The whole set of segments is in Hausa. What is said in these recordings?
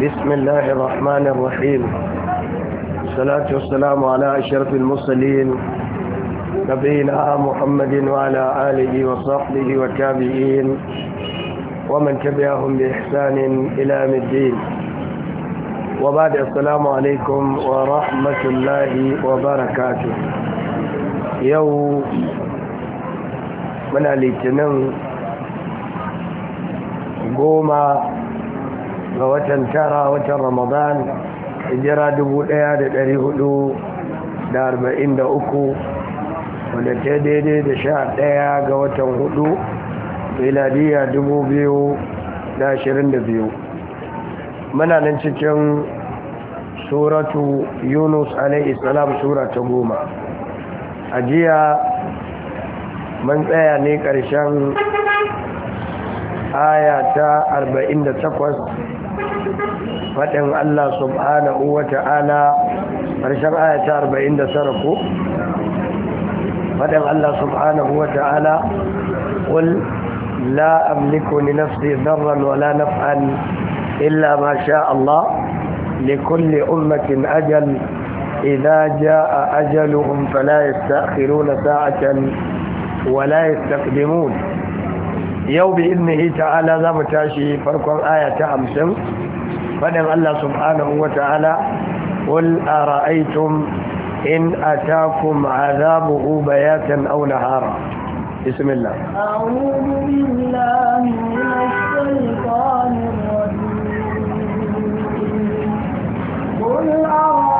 بسم الله الرحمن الرحيم الصلاة والسلام على أشرف المرسلين نبينا محمد وعلى آله وصحبه والتابعين ومن تبعهم بإحسان إلى يوم الدين وبعد السلام عليكم ورحمة الله وبركاته يوم من الاثنين goma ga watan tara watan ramadan hijira 1443 wadda ta daidai da sha daya ga watan hudu miladiya 2022 muna nan cikin suratu yunus alaihi salam sura ta goma Ajiya jiya mun tsaya ne ƙarshen aya ta 48 faɗin Allah subhanahu wa ta'ala ƙarshen ayata arba'in da sarrafu faɗin Allah subhanahu wa ta'ala ƙul la amliku ni nafsi zarran wala naf'an illa ma sha Allah likulli ummatin ajal إذا جاء أجلهم فلا يستأخرون ساعة ولا يستقدمون yau bi iznihi ta'ala za mu tashi farkon aya ta hamsin فدن الله سبحانه وتعالى قل أرأيتم إن أتاكم عذابه بياتا أو نهارا بسم الله أعوذ بالله من الشيطان الرجيم قل أرأيتم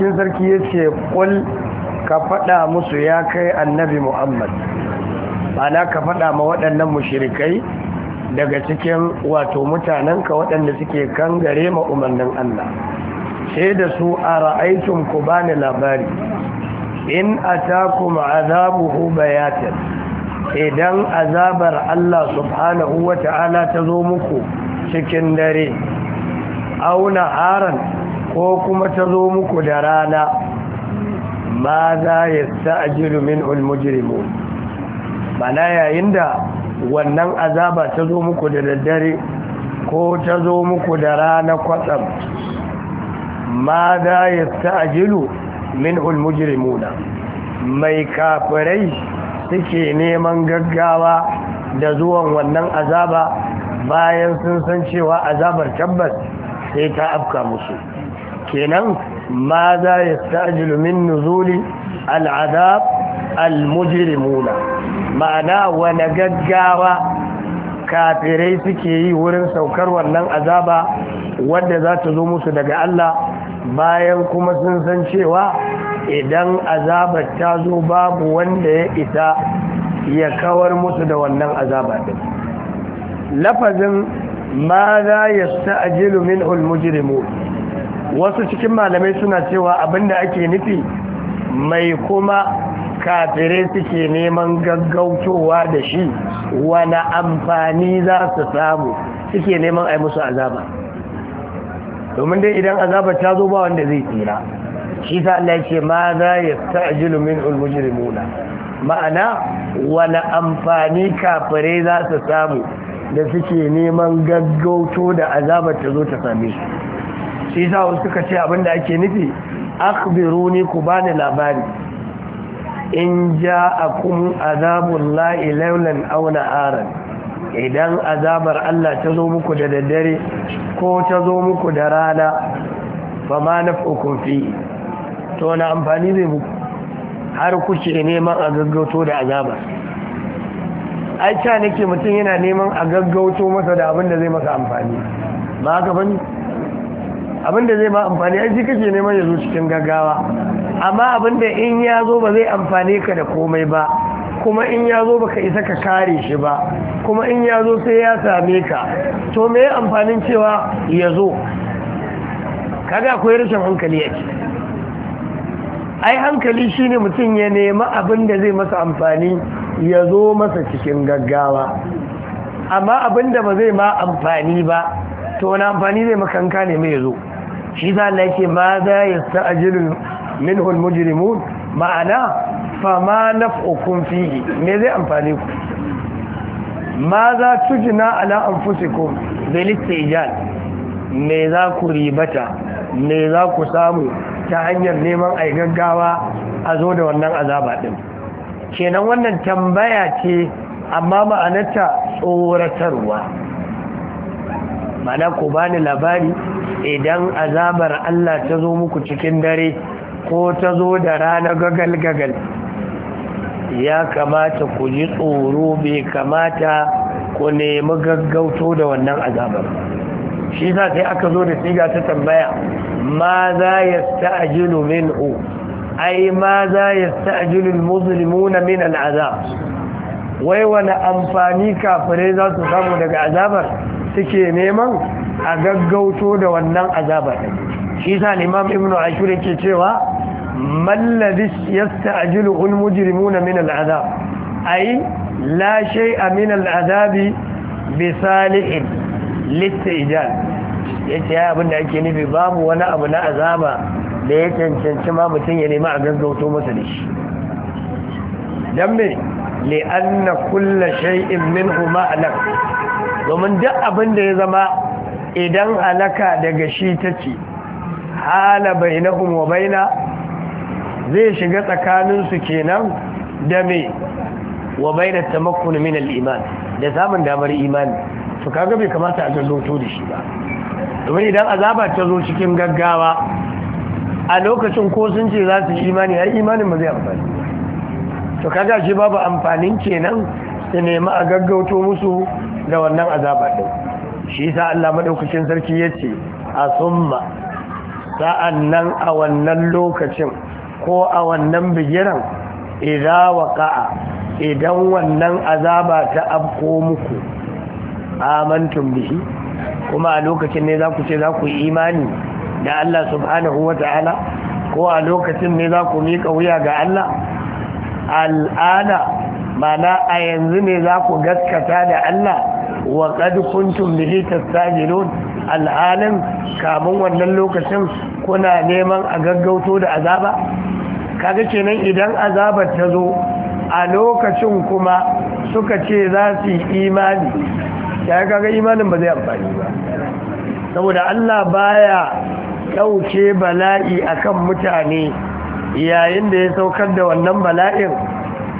maɗaukakin sarki ya ce ka faɗa musu ya kai annabi muhammad ana ka faɗa ma waɗannan mushirikai daga cikin wato mutanenka waɗanda suke kan gare ma allah sai da su a ra'aitun ku ni labari in a atakum azabuhu bayatar, idan azabar allah subhanahu wata'ala ta zo muku cikin dare auna haran ko kuma ta zo muku da rana ma za ya sa'ajiru min ulmujirimu mana yayin da wannan azaba ta zo muku da daddare ko ta zo muku da rana kwatsam ma za ya sa'ajiru min na mai kafirai suke neman gaggawa da zuwan wannan azaba bayan sun san cewa azabar tabbas sai ta afka musu kenan ma za ya stajilu min nuzuli al'adab al-mujrimuna ma'ana wani gaggawa kafirai suke yi wurin saukar wannan azaba wanda za ta zo musu daga Allah bayan kuma sun san cewa idan azabar ta zo babu wanda ya isa ya kawar musu da wannan azaba din lafazin ma za ya sta'jilu min al mujrimuna wasu cikin malamai suna cewa abinda ake nufi mai kuma kafirai suke neman gaggautowa da shi wani amfani za su samu suke neman a musu azaba domin dai idan azaba ta zo ba wanda zai tsira shi ta Allah ce ma za ya ta'ajilu min ulmujrimuna ma'ana wani amfani kafirai za su samu da suke neman gaggauto da azaba ta zo ta same su shi sa wasu suka ce abinda ake nufi ne ku bani labari in ja a azabul la'i lailan auna aran. idan azabar Allah ta zo muku da daddare ko ta zo muku da rana fa ma na fi to na amfani zai muku har kuke neman a gaggauto da azabar ai ta nake mutum yana neman a gaggauto masa da abin da zai masa amfani ba haka bane abinda zai ma amfani ai shi kake neman ya zo cikin gaggawa amma abinda in ya zo ba zai amfane ka da komai ba kuma in ya zo baka isa ka kare shi ba kuma in ya zo sai ya same ka to me amfanin cewa ya zo kaga akwai rashin hankali a ciki ai hankali shine mutum ya nema abin da zai masa amfani ya zo masa cikin gaggawa amma abin da ba zai ma amfani ba to wani amfani zai makanka ne mai zo shi za Allah yake ma za ya sta'ajilu minhul mujrimun ma'ana fa ma naf'ukum fiye me zai amfani ku ma za na ala anfusikum bil ijal. me za ku ribata me za ku samu ta hanyar neman yi gaggawa a zo da wannan azaba ɗin kenan wannan tambaya ce amma ma'anarta tsoratarwa Ma'ana ku bani labari idan azabar Allah ta zo muku cikin dare ko ta zo da rana gagal-gagal ya kamata ku ji tsoro bai kamata ku nemi gaggauto da wannan azabar shi za sai aka zo da siga ta tambaya ma za ya sta'ajilu u, ai ma za ya sta'ajilu na min al'azab wai wani amfani kafirai za su samu daga azabar suke neman a gaggauto da wannan azaba din shi sa limam ibnu ashur yake cewa malladis ladhi yasta'jilu al mujrimuna min al azab ay la shay'a min al azabi bi salihin listijal yace ya abinda ake nufi babu wani abu na azaba da ya cancanci ma mutum ya nemi a gaggauto masa da shi dan me li'anna kulla shay'in minhu ma'lak domin duk abinda da ya zama idan alaka daga shi take hala bainahum wa baina zai shiga tsakaninsu kenan da me wa baina tamakkun min al-iman da samun damar imani to kaga bai kamata a gaggauto da shi ba domin idan azaba ta zo cikin gaggawa a lokacin ko sun ce za su imani har imanin ba zai amfani to kaga shi babu amfanin kenan su nema a gaggauto musu da wannan azaba din shi sa Allah maɗaukacin sarki yace a summa sa'annan a wannan lokacin ko a wannan bigiran idan waƙa'a idan wannan azaba ta afko muku amantun bihi kuma a lokacin ne za ku ce za ku imani da Allah subhanahu ta'ala ko a lokacin ne za ku miƙa wuya ga Allah al'ada mana a yanzu ne za ku gaskata da Allah wa qad kuntum bihi tastajilun al'alam kamun wannan lokacin kuna neman a gaggauto da azaba kaga kenan idan azaba ta zo a lokacin kuma suka ce za su yi imani ya kaga imanin ba zai amfani ba saboda Allah baya ɗauke bala'i akan mutane yayin da ya saukar da wannan bala'in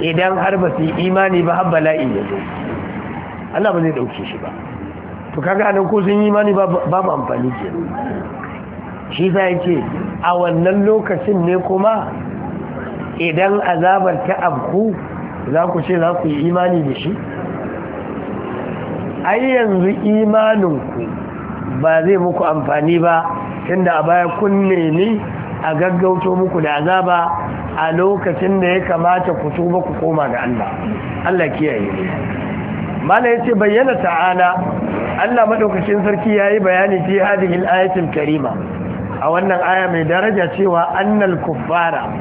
idan har ba su yi imani ba har bala'i ya Allah ba zai dauke shi ba to kaga anan ko sun yi imani ba amfani ke shi sai yake a wannan lokacin ne kuma idan azabar ta abku za ku ce za ku yi imani da shi ai yanzu imanin ku ba zai muku amfani ba tunda a baya kunne ne a gaggauto muku da azaba a lokacin da ya kamata ku tuba ku koma ga Allah Allah kiyaye ne mala yace bayyana ta'ala Allah madaukakin sarki yayi bayani fi hadhihi al karima a wannan aya mai daraja cewa annal kuffara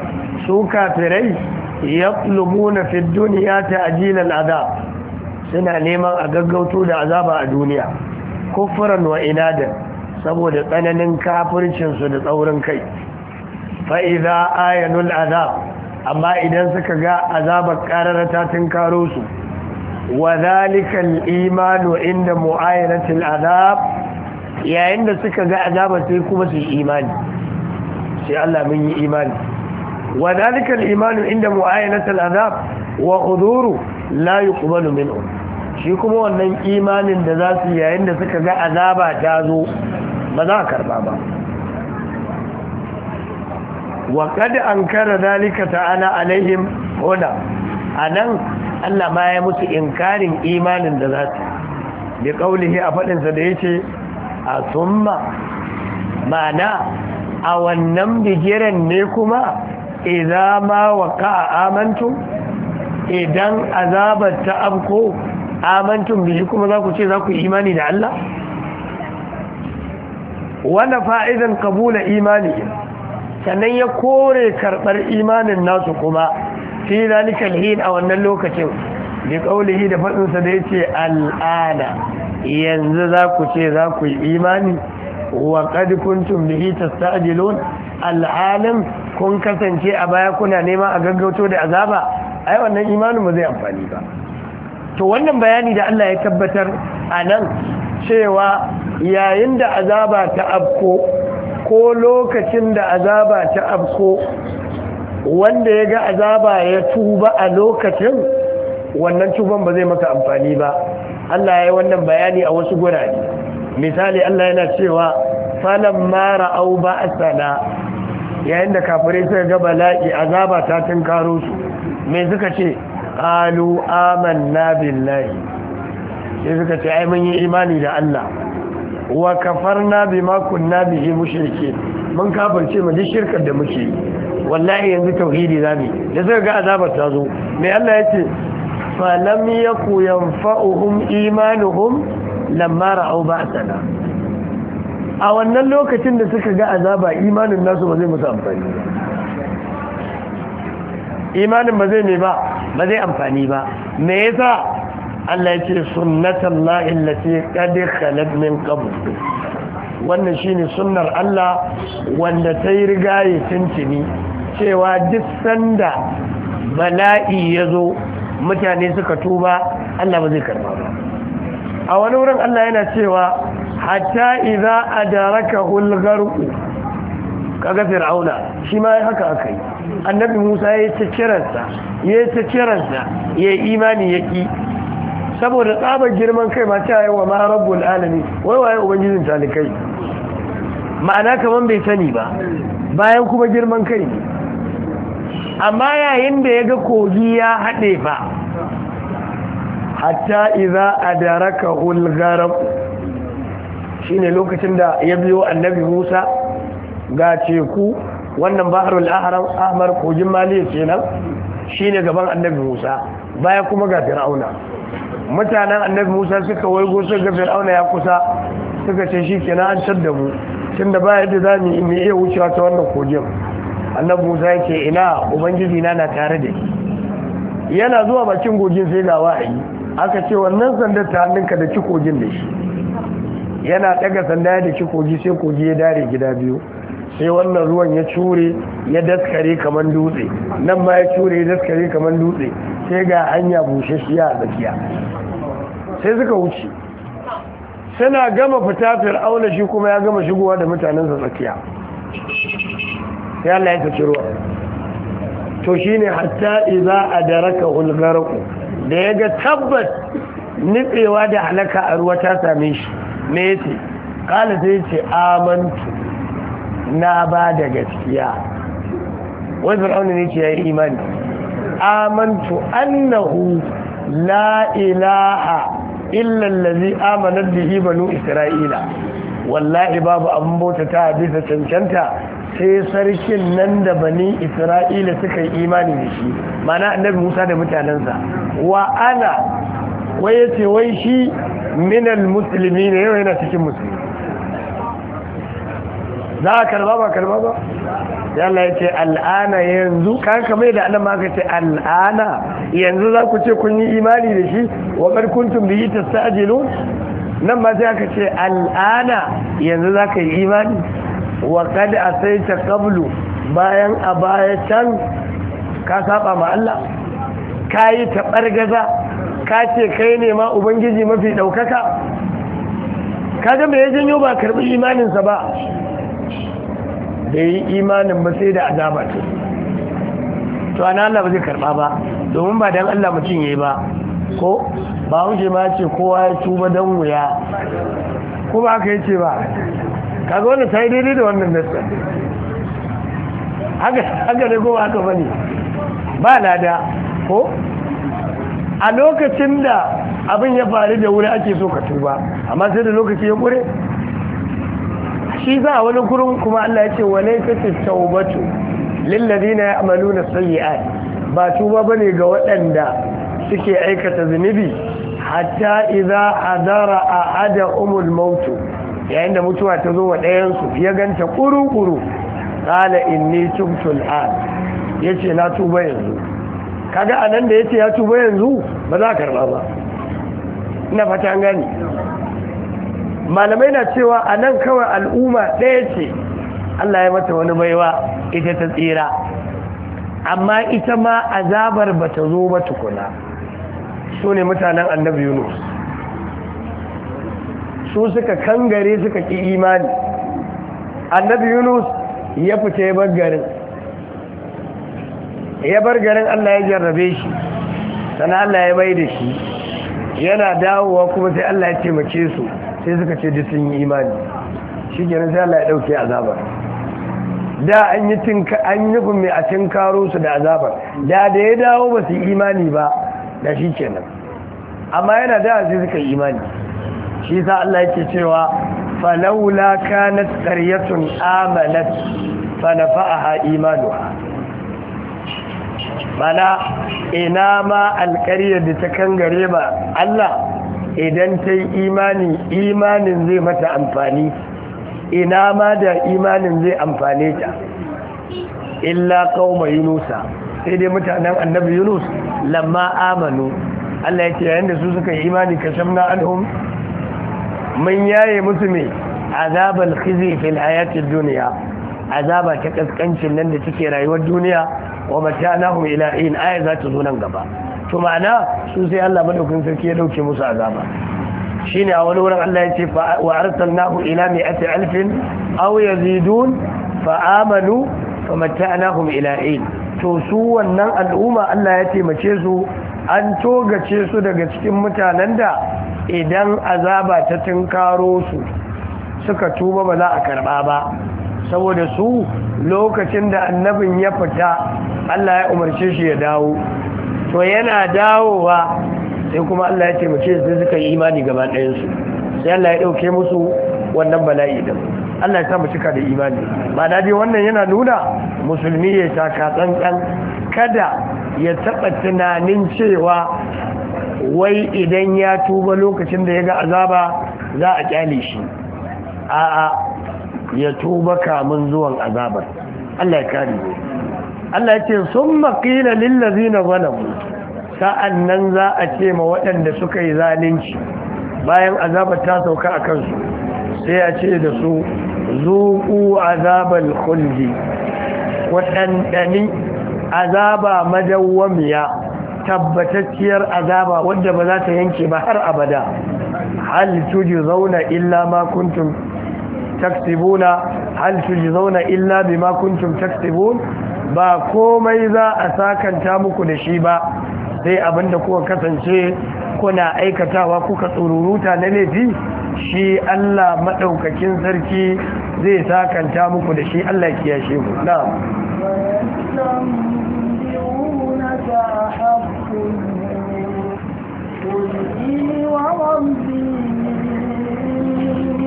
su kafirai yatlubuna fid dunya ta'jil al-adab suna neman a gaggauto da azaba a duniya kufran wa inadan saboda tsananin kafircinsu da tsaurin kai fa'iza idza ayanul azab amma idan suka ga azabar kararata tun karo su وذلك الإيمان عند معاينة العذاب يا عند سكة عذاب سيكون في إيمان سي الله من إيمان وذلك الإيمان عند معاينة العذاب وحضوره لا يقبل منه shi kuma wannan imanin da za su yayin da suka ga azaba ta zo ba za a karba ba wa kada an kara zalika ta'ala alaihim huna a nan Allah ma ya musu inkarin imanin da za su bi kaulihi a faɗinsa da ya ce a summa mana a wannan bigiran ne kuma idan ma waka a amantun idan azabar ta abko amintun bishi kuma za ku ce za ku imani da Allah wanda fa'idan kabula imani sannan ya kore karɓar imanin nasu kuma fi zalikal hin a wannan lokacin bi qaulihi da fadin sa da yace al'ana yanzu za ku ce za ku yi imani wa qad kuntum bihi tasta'jilun al'alam kun kasance a baya kuna nema a gaggauto da azaba ai wannan imanin ba zai amfani ba to wannan bayani da Allah ya tabbatar a nan cewa yayin da azaba ta afko ko lokacin da azaba ta afko wanda ya ga azaba ya tuba a lokacin wannan tuban ba zai maka amfani ba Allah ya yi wannan bayani a wasu gurare misali Allah yana cewa falan mara au ba asana yayin da kafirai suka ga bala'i azaba ta tunkaro su me suka ce qalu amanna billahi sai suka ce ai mun yi imani da Allah wa kafarna bima kunna bihi mushrikeen mun kafirce mu duk shirkar da muke yi wallahi yanzu tauhidi zami da suka ga azabar ta zo mai Allah ya ce fa lam yaku yanfa'uhum imanuhum lamma ra'aw ba'sana a wannan lokacin da suka ga azaba imanin nasu ba zai musu amfani imanin ba zai ne ba ba zai amfani ba me yasa Allah ya ce sunnatullahi allati qad khalat min qabl wannan shine sunnar Allah wanda ta yi rigaye tuntuni cewa duk sanda bala'i ya zo mutane suka tuba Allah ba zai karba ba a wani wurin Allah yana cewa hatta idza adaraka ka kaga fir'auna shi ma haka akai annabi Musa ya ce kiransa ya ce kiransa ya imani yaki saboda tsabar girman kai ma ta yi wa ma rabbul alamin wai waye ubangijin talikai ma'ana kaman bai sani ba bayan kuma girman kai ne amma yayin da ya ga kogi ya haɗe ba hatta iza daraka hulgaram shine lokacin da ya biyo annabi Musa ga teku wannan baharul aharar ahmar kogin maliya kenan shine gaban annabi Musa baya kuma ga fir'auna mutanen annabi Musa suka waigo suka ga fir'auna ya kusa suka ce shi kenan an da mu tunda baya za mu iya wucewa ta wannan kogin annabi Musa ya ina ubangiji na na tare da shi yana zuwa bakin gogin sai ga wa'ayi aka ce wannan sandar ta hannunka da ci kogin da shi yana daga sanda da ci kogi sai kogi ya dare gida biyu sai wannan ruwan ya cure ya daskare kamar dutse nan ma ya cure ya daskare kamar dutse sai ga hanya bushashiya a tsakiya sai suka wuce suna gama fita fir'auna shi kuma ya gama shigowa da mutanensa tsakiya sai Allah ya saki ruwa to shine hatta idza adaraka ulgharq da yaga tabbas nitsewa da halaka a ruwa ta same shi me yace kala sai yace amantu na ba da gaskiya wai fir'auna ne ce yi imani amantu annahu la ilaha illa allazi amanat bihi isra'ila wallahi babu abin bauta ta bisa cancanta sai sarkin nan da bani isra'ila suka yi imani da shi mana annabi musa da mutanensa wa ana wai ya ce wai shi minal musulmi ne yau yana cikin musulmi za a karba ba karba ba yalla ya ce al'ana yanzu kan kame da anan ce al'ana yanzu za ku ce kun yi imani da shi wa karkuntun biyi ta nan ma sai aka ce al'ana yanzu za ka yi imani wa sai ta qablu bayan a baya can ka saba ma Allah ka yi taɓar gaza ka ce kai ne ma ubangiji mafi ɗaukaka ka ga mai janyo ba karɓi imaninsa ba da yi imanin ba sai da azaba ce to ana Allah ba zai karɓa ba domin ba don Allah mutum ya yi ba ko ba hujje ma ce kowa ya tuba don wuya ko ba ka yi ce ba kaga wannan ta yi daidai da wannan nassar haka da goma haka bane ba lada ko a lokacin da abin ya faru da wuri ake so ka tuba amma sai da lokaci ya kure shi za a wani kurin kuma Allah ya ce wale ta ya taubatu lillazina ya'maluna sayyi'at ba tuba bane ga waɗanda suke aikata zunubi hatta zara a ahada umul mautu yayin da mutuwa ta zo wa ɗayansu ya ganta ƙuru-ƙuru ƙala inni tubtul an ya ce na tuba yanzu kaga a nan da ya ce ya tuba yanzu ba za a karɓa ba ina fata gani malamai na cewa a nan kawai al'umma ɗaya ce allah ya mata wani baiwa ita ta tsira amma ita ma azabar ba ta zo ba tukuna su ne mutanen annabi yunus su suka kangare suka ƙi imani annabi yunus ya fita ya bar garin ya bar garin allah ya jarrabe shi sana allah ya bai da shi yana dawowa kuma sai allah ya taimake su sai suka ce duk sun yi imani shi kenan sai allah ya ɗauke azabar da an yi nufin mai a karo su da azabar da da ya dawo ba su imani ba da shi kenan amma yana da sai suka yi imani shi sa Allah yake cewa falaula kanat qaryatun amanat fanafa'aha imanuha mana ina ma alƙaryar da ta kangare ba Allah idan ta yi imani imanin zai mata amfani ina ma da imanin zai amfane ta illa kauma yunusa sai dai mutanen annabi yunus lamma amanu Allah ya ce yayin da su suka yi imani kashamna alhum? mun yaye musu mai azabal khizi fil hayatid dunya azaba ta kaskancin nan da take rayuwar duniya wa matanahum ila in aya za ta zo nan gaba to ma'ana su sai Allah madaukakin sarki ya dauke musu azaba shine a wani wurin Allah ya ce wa arsalnahu ila mi'ati alfin aw yazidun fa amanu fa matanahum ila in to su wannan al'umma Allah ya taimake su an togace su daga cikin mutanen da idan azaba ta tunkaro su suka tuba ba za a karba ba saboda su lokacin da annabin ya fita Allah ya umarce shi ya dawo to yana dawowa sai kuma Allah ya taimake su suka yi imani gaba su sai Allah ya ɗauke musu wannan bala'i din Allah ya sa mu cika da imani ba dai wannan yana nuna musulmi ya taka tsantsan kada ya taɓa tunanin cewa wai idan ya tuba lokacin da ya ga azaba za a kyale shi a'a ya tuba kamun zuwan azabar Allah ya kare Allah ya ce sun maƙila lillazi na zalamu sa'an nan za a ce ma waɗanda suka yi zalunci bayan azabar ta sauka a kansu sai a ce da su zuƙu azabar kulji waɗanɗani azaba madawwamiya tabbatacciyar azaba wadda ba za ta yanke ba har abada hal zauna illa ma kuntum taksibuna hal zauna illa bima kuntum taktibun ba komai za a sakanta muku da shi ba sai abinda kuka kasance kuna aikatawa kuka tsururuta na laifi shi Allah madaukakin sarki zai sakanta muku da shi Allah kiyashe ku na'am ويستنبئونك أحق قل إي وربي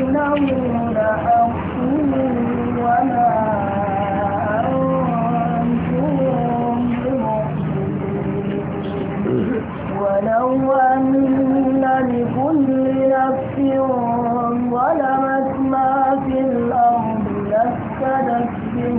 إنه لحق وما أنتم بمؤمنين ولو أن لكل نفس ظلمت ما في الأرض لافتدت به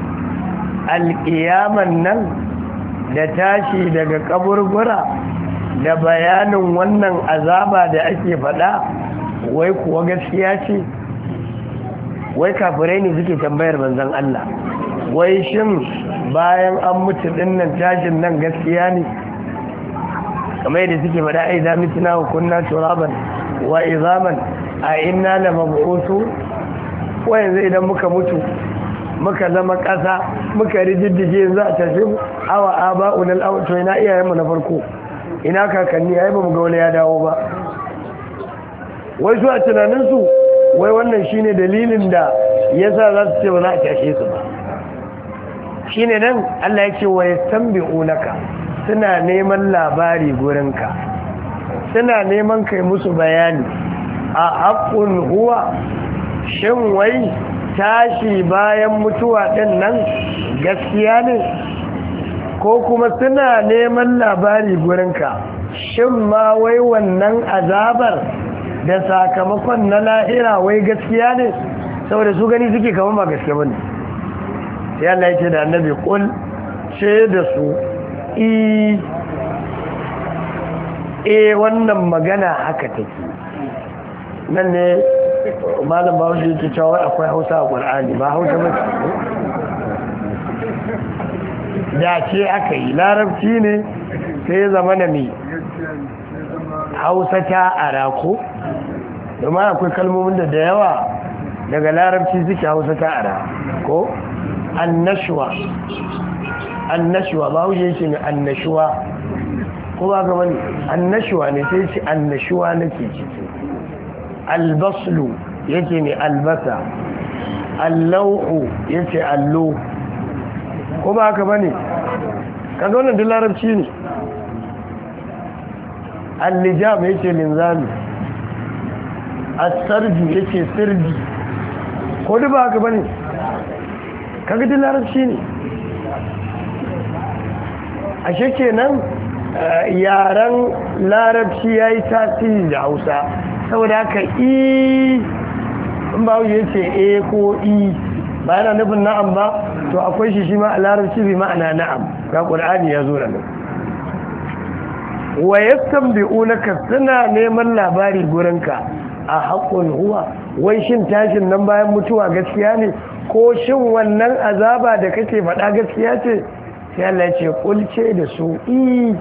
alƙiyaman nan da tashi daga kaburbura da bayanin wannan azaba da ake faɗa wai kuwa gaskiya ce wai kafirai ne suke tambayar manzan Allah wai shin bayan an mutu dinnan tashin nan gaskiya ne kamar yadda suke faɗa ai za mitina wa kunna turaban wa izaman a ina da mabu'usu wa yanzu idan muka mutu muka zama ƙasa muka rijiddige za a tafi awa a unal awa to ina iyayenmu na farko ina kakanni yi ba mu ga wani ya dawo ba wai su tunaninsu wai wannan shi ne dalilin da ya sa za su ce ba za a tashe su ba Shi ne nan Allah ya ce wa ya unaka suna neman labari gurinka suna neman kai musu bayani a haƙƙun huwa shin wai tashi bayan mutuwa ɗin nan gaskiya ne ko kuma suna neman labari gurinka shin ma wai wannan azabar da sakamakon na lahira wai gaskiya ne saboda su gani suke kama ba gaskiya ba ne ya yake da annabi kul ce da su i e, e wannan magana haka take nan ne malam ba wajen yake cewa akwai hausa a ƙwar'ani ba hausa ba ce da ce aka yi larabci ne sai ya zama na mai hausa ta arako domin akwai kalmomin da da yawa daga larabci suke hausa ta arako annashuwa annashuwa ba hujje shi ne annashuwa ko ba ga wani annashuwa ne sai shi annashuwa nake ciki albaslu yake ne albasa Allau'u yake allo ko ba haka bane kaga wannan duk larabci ne allijam yake linzami asarji yake sirji ko duk ba haka bane kaga duk larabci ne ashe shekenan yaren larabci ya yi tasiri da Hausa saboda haka i in ba ya ce e ko i ba yana nufin na'am ba to akwai shi shi ma a larabci bi ma'ana na'am ga ƙur'ani ya zo da nan wa ya yastanbi'unaka suna neman labari gurinka a haƙƙun huwa wai shin tashin nan bayan mutuwa gaskiya ne ko shin wannan azaba da kake faɗa gaskiya ce sai Allah ya ce kulce da su i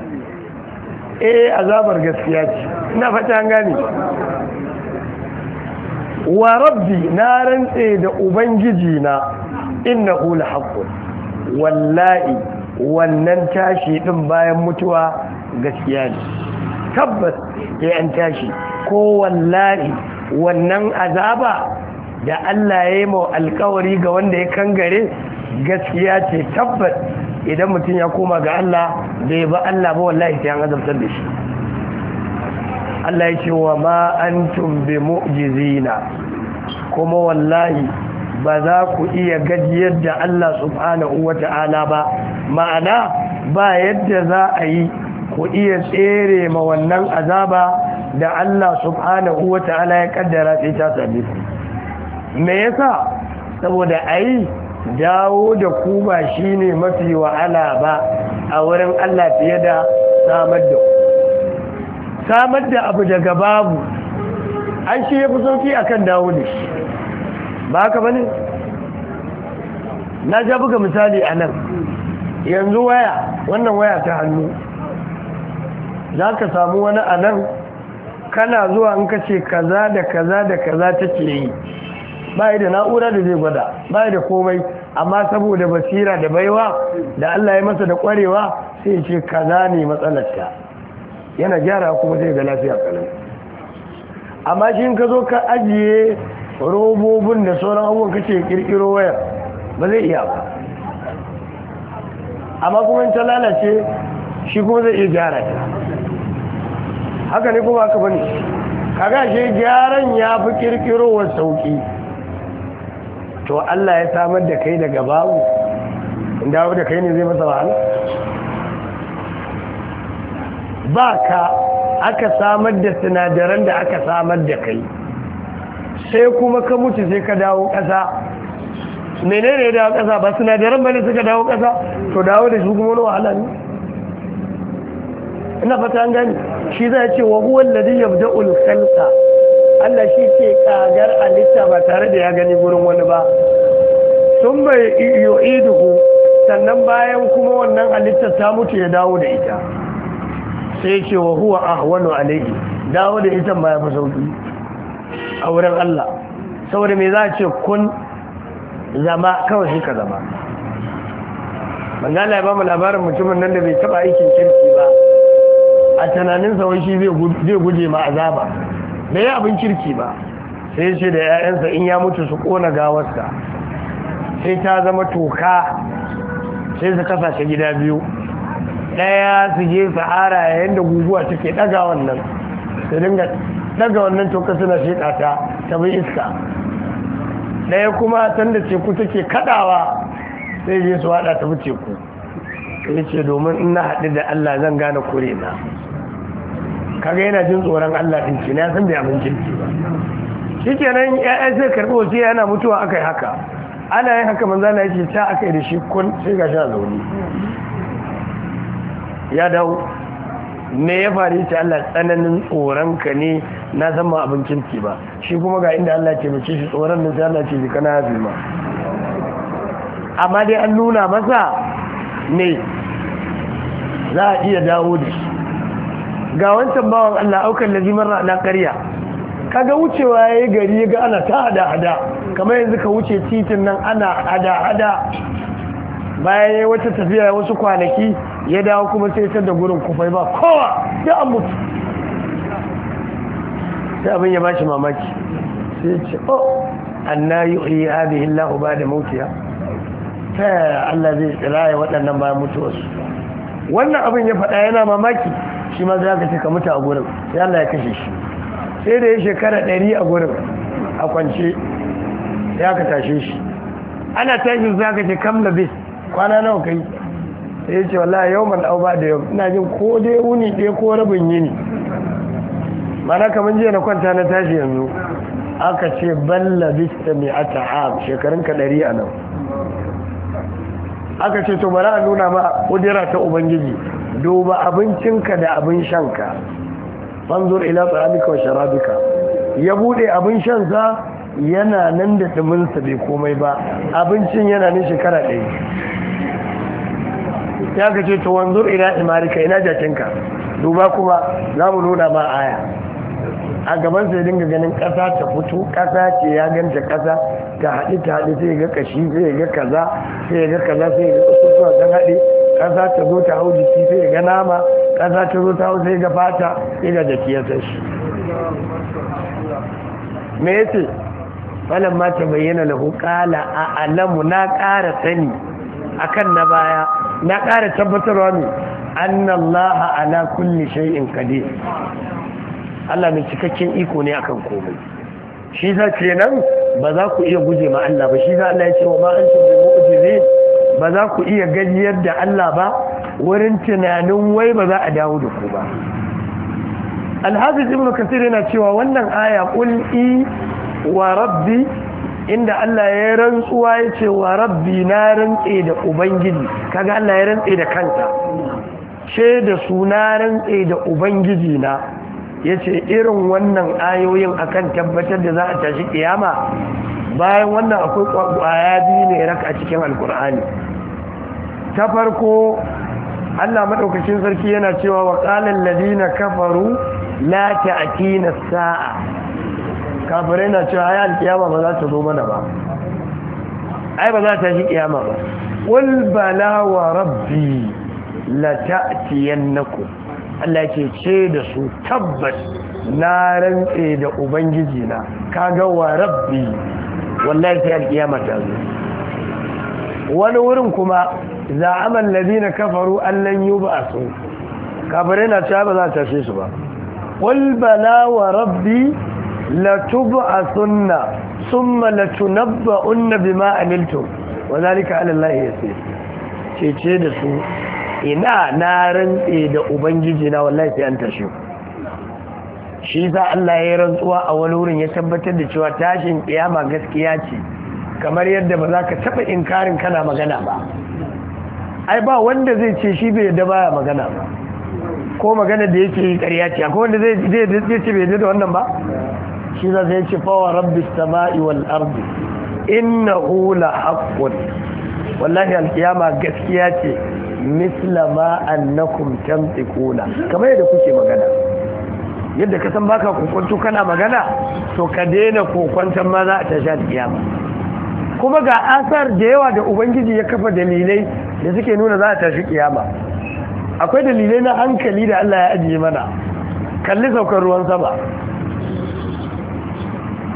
eh, azabar gaskiya ce ina fata an gane wa rabbi na rantse da ubangiji na innahu lahaqqun wallahi wannan tashi ɗin bayan mutuwa gaskiya ne tabbas an tashi ko wallahi wannan azaba da Allah ya yi mau alkawari ga wanda ya kangare gaskiya ce tabbas idan mutum ya koma ga Allah bai ba Allah ba wallahi sai an azabtar da shi Allah ya ce wa ma antum bi mu'jizina kuma wallahi ba za ku iya gajiyar da Allah subhanahu wata'ala ba ma'ana ba yadda za a yi ku iya tsere ma wannan azaba da Allah subhanahu wata'ala ya kaddara sai ta same me yasa saboda ai dawo da ku ba shine mafi wa'ala ba a wurin Allah fiye da samar da ku samar da abu daga babu an shi ya fi sauki a kan dawo ne ba ka bane na ja buga misali a nan yanzu waya wannan waya ta hannu za ka samu wani a nan kana zuwa in ka kaza da kaza da kaza ta take yi ba da na'ura da zai gwada ba da komai amma saboda basira da baiwa da allah ya masa da kwarewa sai ce kaza ne matsalarta yana gyara kuma zai ga lafiya kalan amma shi ka zo ka ajiye robobin da sauran abubuwan kace kirkiro wayar ba zai iya ba amma kuma in ta lalace shi kuma zai iya gyara ta haka ne kuma haka bane kaga shi gyaran ya fi kirkirowar sauki to Allah ya samar da kai daga babu inda da kai ne zai masa wahala ba ka aka samar da sinadaran da aka samar da kai sai kuma ka mutu sai ka dawo ƙasa menene ya dawo ƙasa ba sinadaran bane suka dawo ƙasa to dawo da shi kuma wahala ne ina fata an gani shi zai ce wa huwa alladhi yabda'u al-khalqa Allah shi ke kagar alitta ba tare da ya gani gurin wani ba sun bai yu'iduhu sannan bayan kuma wannan halittar ta mutu ya dawo da ita sai ce wa huwa ahwanu alayhi dawo da ita ma fi sauki a wurin Allah saboda me za a ce kun zama kawai shi ka zama bangala ya ba mu labarin mutumin nan da bai taba aikin kirki ba a tunanin sa shi zai guje ma azaba bai yi abin kirki ba sai ce da 'ya'yansa in ya mutu su kona gawarsa sai ta zama toka sai su kasa gida biyu ɗaya su je sahara yayin da guguwa take ɗaga wannan su dinga daga wannan toka suna sheƙa ta ta bi iska ɗaya kuma da teku take kaɗawa sai je su wada ta bi teku sai ce domin in na haɗu da Allah zan gane kure na kaga yana jin tsoron Allah din ce na san bai abincin ki ba shikenan ƴaƴan sai karbo shi yana mutuwa aka yi haka ana yin haka manzana yake ta aka yi da shi kun sai ga sha zauni ya dawo me ya faru ce Allah tsananin tsoronka ne na zama abincin ke ba shi kuma ga inda Allah ke mace shi tsoron nan sai Allah ce jika na hafi ma amma dai an nuna masa ne za a iya dawo da shi ga wancan bawan Allah aukan lazimar na karya kaga wucewa ya yi gari ga ana ta hada hada kamar yanzu ka wuce titin nan ana hada hada bayan wata tafiya wasu kwanaki ya dawo kuma sai san da gurin kufai ba kowa da an mutu sai abin ya ba shi mamaki sai ce o oh, anna yuhyi hadhihi Allahu ba'da mautiha ta yaya Allah zai tsiraya waɗannan bayan mutuwarsu wannan abin ya faɗa yana mamaki shi ma za ka ce ka mutu a gurin sai Allah ya kashe shi sai da ya shekara ɗari a gurin a kwance ya ka tashe shi ana tashin za ka ce kam labis kwana nawa kai sai ya ce wallahi yau man ba da yau ina jin ko dai wuni ɗaya ko rabin yini mana kamar jiya na kwanta na tashi yanzu aka ce balla bista mai a am shekarun ka ɗari a nan aka ce to bari a nuna ma ƙudira ta ubangiji duba abincinka da abin shanka fanzur ila tsaramika wa sharabika ya buɗe abin shansa yana nan da sa bai komai ba abincin yana nan shekara ɗaya ya ga ce to wanzur ina imarika ina jakinka duba kuma za mu nuna ma aya a gaban sai dinga ganin ƙasa ta fito ƙasa ce ya ganta ƙasa ta haɗi ta haɗi sai ga kashi sai ga kaza sai ga kaza sai ga kusurwa ta haɗi ƙasa ta zo ta hau jiki sai ga nama ƙasa ta zo ta hau sai ga fata sai ga jaki ya tashi me yace falan ma ta bayyana lahu qala a alamu na ƙara sani akan na baya na ƙara tabbatarwa ne annallaha ala kulli shay'in kade. Allah mai cikakken iko ne akan komai shi za nan ba za ku iya guje ma Allah ba shi za Allah ya ce wa ma antum bi mu'jizin ba za ku iya gajiyar da Allah ba wurin tunanin wai ba za a dawo da ku ba Al-Hafiz Ibn Kathir yana cewa wannan aya qul wa rabbi inda Allah ya rantsuwa ya ce wa rabbi na rantse da ubangiji kaga Allah ya rantse da kanta ce da su na rantse da ubangiji na ya ce irin wannan ayoyin akan tabbatar da za a tashi kiyama bayan wannan akwai kwaya biyu ne raka a cikin alkur'ani ta farko Allah maɗaukacin sarki yana cewa wa ƙalan ladina kafaru la ta'atina sa'a kafirai na cewa ai alkiyama ba za ta zo mana ba ai ba za ta shi kiyama ba qul bala wa rabbi la ta'tiyannakum Allah ke ce da su tabbas na rantse da ubangiji na kaga wa rabbi wallahi sai alkiyama ta zo wani wurin kuma za'aman ladina kafaru allan yub'asu kafirai na cewa ba za ta shi su ba qul bala wa rabbi لتبعثن ثم لتنبؤن بما عملتم وذلك على الله يسير cece da su ina na rantse da ubangiji na wallahi sai an tashi shi za Allah ya rantsuwa a wani wurin ya tabbatar da cewa tashin kiyama gaskiya ce kamar yadda ba za ka taba inkarin kana magana ba ai ba wanda zai ce shi bai da baya magana ba ko magana da yake yi ƙarya ce akwai wanda zai ce bai da wannan ba shi na zai ce fawa rabbi sama'i wal ardi inna hula haƙƙun. wallahi alkiyama gaskiya ce misla ma annakum tamtikuna kamar yadda kuke magana yadda ka san baka kokonto kana magana to ka daina kokonton ma za a sha alkiyama kuma ga asar da yawa da ubangiji ya kafa dalilai da suke nuna za a shi kiyama akwai dalilai na hankali da Allah ya ajiye mana kalli saukar ruwan sama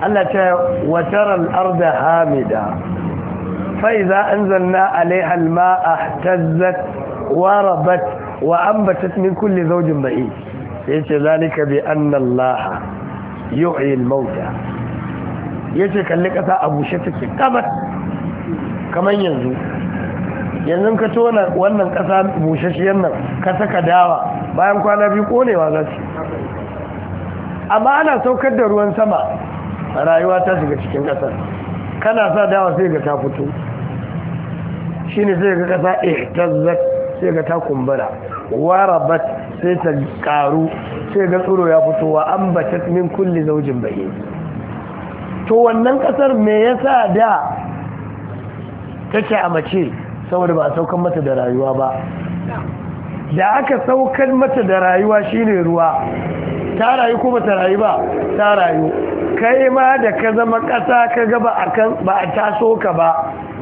Allah ta wataral arda hamida فإذا أنزلنا عليها الماء اهتزت وربت وأنبتت من كل زوج بعيد يتي ذلك بأن الله يحيي الموتى يتي كلك أتا أبو شتك كبت كمان ينزو yanzu ka tona wannan ƙasa bushashiyar nan ka saka dawa bayan kwana biyu konewa za su amma ana saukar da ruwan sama rayuwa ta shiga cikin ƙasar kana sa dawa sai ga ta fito shi ne sai ga ƙasa ihtazzat sai ga ta kumbura warabat sai ta ƙaru sai ga tsoro ya fito wa ambatat min kulli zaujin bayi to wannan ƙasar me yasa da take a mace saboda ba a saukan mata da rayuwa ba da aka saukan mata da rayuwa shine ruwa ta rayu ko ba ta rayu ba ta rayu kai ma da ka zama ƙasa ka gaba akan ba a taso ka ba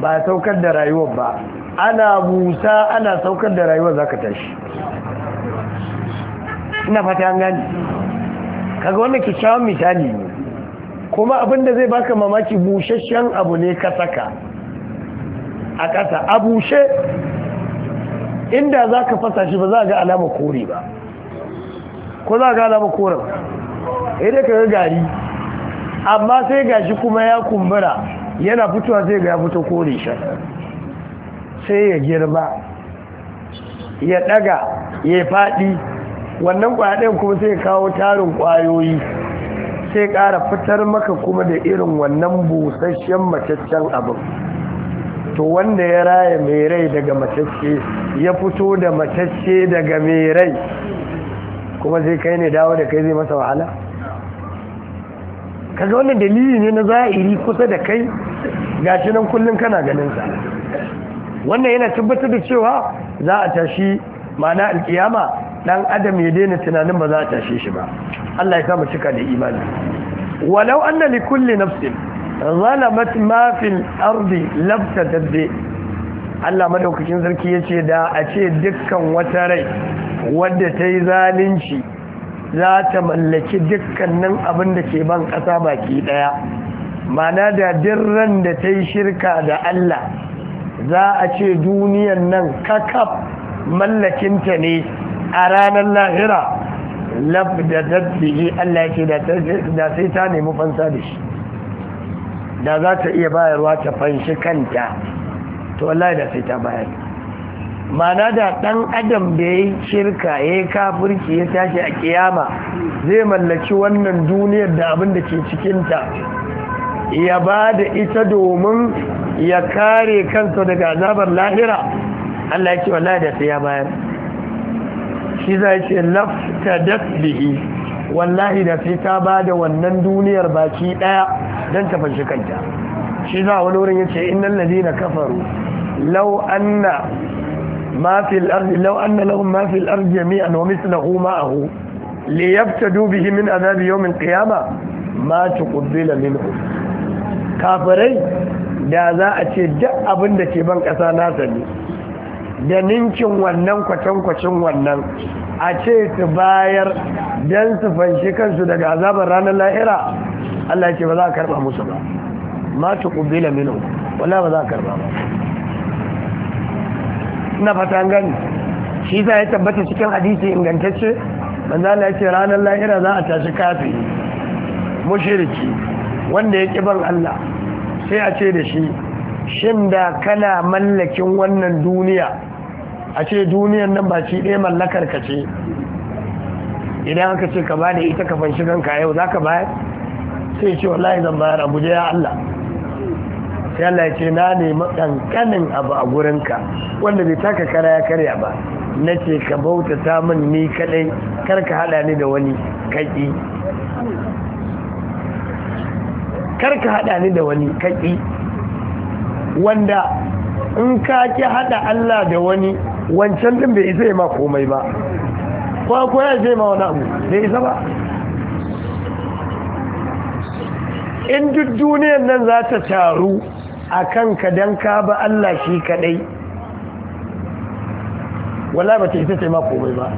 ba a saukar da rayuwar ba ana busa ana saukar da rayuwar za ka tashi ina fata an gani kaga wannan kyakkyawan misali ne kuma abinda zai baka mamaki busasshen abu ne ka saka a ƙasa a bushe inda za ka fasa shi ba za ga alama kore ba ko za ga alama kore ba idan dai ka ga gari amma sai gashi kuma ya kumbura yana fitowa sai ga ya fito kore shi sai ya girma ya daga ya faɗi wannan kwaɗin kuma sai kawo tarin ƙwayoyi sai ƙara fitar maka kuma da irin wannan busasshen mataccen abin to wanda ya raya mai rai daga matacce ya fito da matacce daga mai rai kuma zai kai ne dawo da kai zai masa wahala kaga wannan dalili ne na za'iri kusa da kai gashi nan kullun kana ganin sa wannan yana tabbatar da cewa za a tashi ma'ana alkiyama dan adam ya daina tunanin ba za a tashe shi ba Allah ya kama cika da imani walau anna li kulli nafsin zalamat ma fil ardi labtadat bi Allah madaukakin sarki yace da a ce dukkan wata rai wadda ta zalunci za ta mallaki dukkanin abin da ke ban ƙasa baki ɗaya mana da dirran da ta yi shirka da Allah za a ce duniyan nan kakaf mallakinta ne a ranar lahira labda dabbihi Allah ke da sai ta nemi fansa da shi da za ta iya bayarwa ta fanshi kanta to Allah da sai ta bayar mana da ɗan adam da ya yi shirka ya yi kafirci ya tashi a kiyama zai mallaki wannan duniyar da abin da ke cikinta ya bada ita domin ya kare kansa daga azabar lahira Allah ya ce wallahi da sai ya bayar shi za ce lafta dasbihi wallahi da sai ta ba da wannan duniyar baki daya don ta fashi kanta shi za wani wurin ya ce innan lalina kafaru lau anna ما في الأرض لو أن لهم ما في الأرض جميعا ومثله معه ليفتدوا به من عذاب يوم القيامة ما تقبل منه كافرين da za a ce duk abin da ke ban ƙasa na sani. da ninkin wannan kwatankwacin wannan a ce su bayar don su fanshi kansu daga azabar ranar lahira Allah ce ba za a karɓa musu ba ma tuƙubila minu wala ba za a karɓa ba ina fata gani shi za ya tabbata cikin hadisi ingantacce manzo ya ce ranar lahira za a tashi kafi mushriki wanda ya kiban Allah sai a ce da shi shin da kana mallakin wannan duniya a ce duniyan nan ba ci ɗaya mallakar ka ce idan aka ce ka ba da ita kafin shigan ka yau za ka bayar sai ce wallahi zan bayar abuja ya Allah sai Allah ya ce na nemi kankanin abu a gurinka wanda bai taka kara ya karya ba na ce ka bauta ta min ni kadai kar ka hada ni da wani kaki kar ka hada ni da wani kaki wanda in ka ki hada Allah da wani wancan din bai isa ma komai ba ko ko ya je ma wani abu bai isa ba in duk duniyar nan za ta taru a kanka don ka ba Allah shi kaɗai, wala ba ta ita ce mako komai ba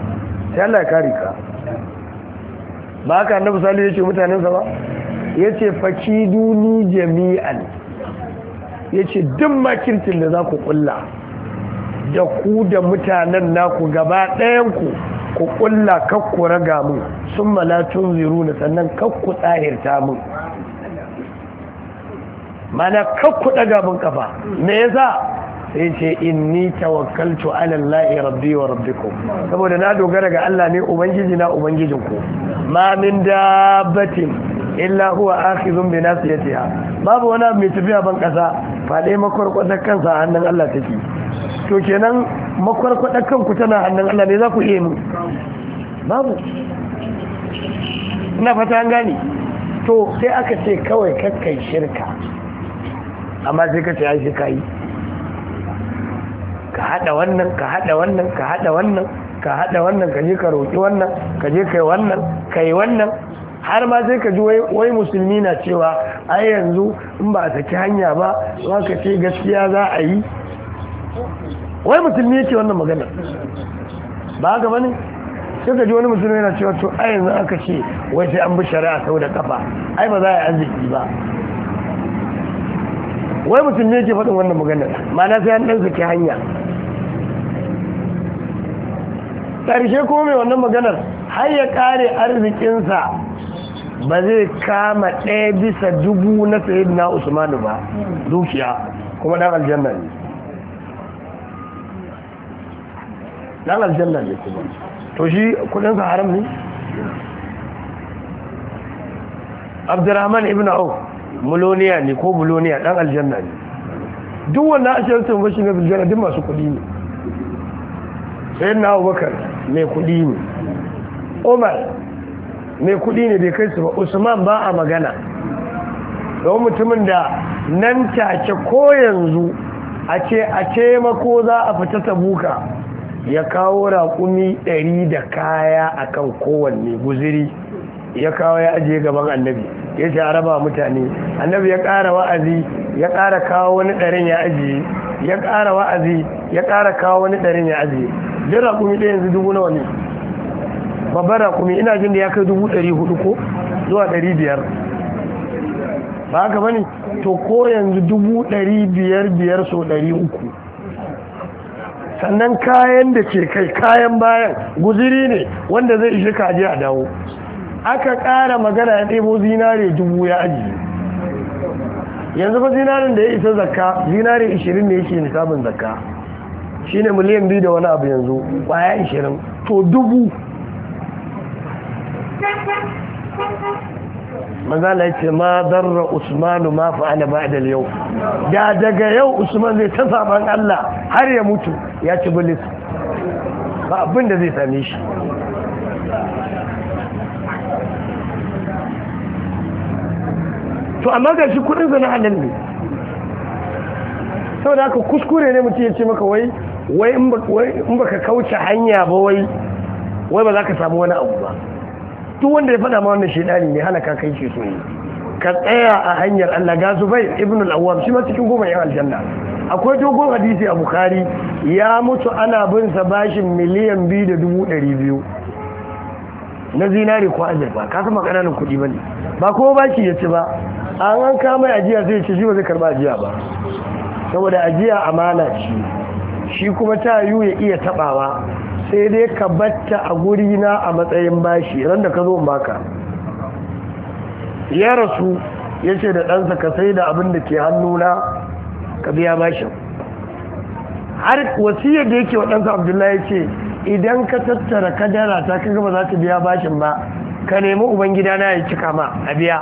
sai Allah ya kari ka ba haka misali salihu yace mutanen sa ba yace fakiduni jami'an ce duk makircin da za ku kulla da ku da mutanen naku gaba ɗayan ku ku kulla kakku raga mun sun malatun ziru sannan kakku tsahirta mun mana kakku daga bin kafa me yasa sai ce inni tawakkaltu ala llahi rabbi wa rabbikum saboda na dogara ga Allah ne ubangiji na ubangijin ku ma min dabbatin illa huwa akhizun bi nasiyatiha babu wani mai tafiya ban kasa faɗe makwarkwatar kansa a hannun Allah take to kenan makwarkwatar kanku tana hannun Allah ne za ku iya mu babu ina fata an gani to sai aka ce kawai kakkai shirka amma sai ka ce ai sai ka yi ka haɗa wannan ka haɗa wannan ka haɗa wannan ka haɗa wannan ka je ka roƙi wannan ka je kai wannan ka yi wannan har ma sai ka ji wai musulmi na cewa ai yanzu in ba a saki hanya ba za ka ce gaskiya za a yi wai musulmi yake wannan magana ba haka bane sai ka ji wani musulmi yana cewa to ai yanzu aka ce wai sai an bi shari'a sau da kafa ai ba za a yi arziki ba wai mutum ne ke faɗin wannan maganar mana sai an ɗan ke hanya ƙarshe ko mai wannan maganar har ya ƙare arzikinsa ba zai kama ɗaya bisa dubu na sayid na usmanu ba dukiya kuma ɗan aljanna ne ɗan aljanna ne kuma to shi kudinsa haram ne abdurrahman ibn auf muloniya ne ko buloniya dan aljanna ne duk a ashirin sun gashi na aljanna duk masu kuɗi ne sai na abubakar mai kuɗi ne umar mai kuɗi ne bai kai su ba usman ba a magana don mutumin da nan take ko yanzu a ce a taimako za a fita tabuka ya kawo raƙumi ɗari da kaya akan kowanne guziri ya kawo ya ajiye gaban annabi ya ce a raba mutane annabi ya ƙara wa'azi ya ƙara kawo wani ɗarin ya ajiye ya ƙara wa'azi ya ƙara kawo wani ɗarin ya ajiye jin raƙumi ɗaya yanzu dubu nawa ne babban raƙumi ina jin da ya kai dubu ɗari hudu ko zuwa ɗari biyar ba haka bane to ko yanzu dubu ɗari biyar biyar so ɗari uku sannan kayan da ke kai kayan bayan guziri ne wanda zai ishe kaji a dawo aka ƙara magana ya ɗebo zinare dubu ya aji. yanzu ba zinarin da ya isa zakka zinare ishirin ne yake nisabin zakka ne miliyan biyu da wani abu yanzu ƙwaya ishirin to dubu manzala ce ma zarra usmanu ma fa'ala da yau da daga yau usman zai ta saban Allah har ya mutu ya ci bilis ba abinda zai same shi to amma ga shi kudin zana a halal ne saboda haka kuskure ne mutum ya ce maka wai wai in ka kauce hanya ba wai wai ba za ka samu wani abu ba Tun wanda ya fada ma wannan shaidani ne halaka kai ce so yi. ka tsaya a hanyar Allah ga zubai ibn al shi ma cikin goma yan aljanna akwai dogon hadisi a Bukhari ya mutu ana bin sa bashin miliyan biyu da dubu ɗari biyu na zinari ko azurfa ka san maganar kuɗi ne. ba kuma bashi ya ci ba an an kama ajiya zai ce shi ba zai karba ajiya ba saboda ajiya amana ce shi kuma ta yiwu ya iya tabawa sai dai ka batta a gurina a matsayin bashi ran da ka zo baka ya rasu ya ce da ɗansa ka sai da abin da ke hannuna ka biya bashin har wasiyar da yake wa ɗansa abdullahi ya ce idan ka tattara kadara ta ka ba za ta biya bashin ba ka nemi ubangida na ya cika ma a biya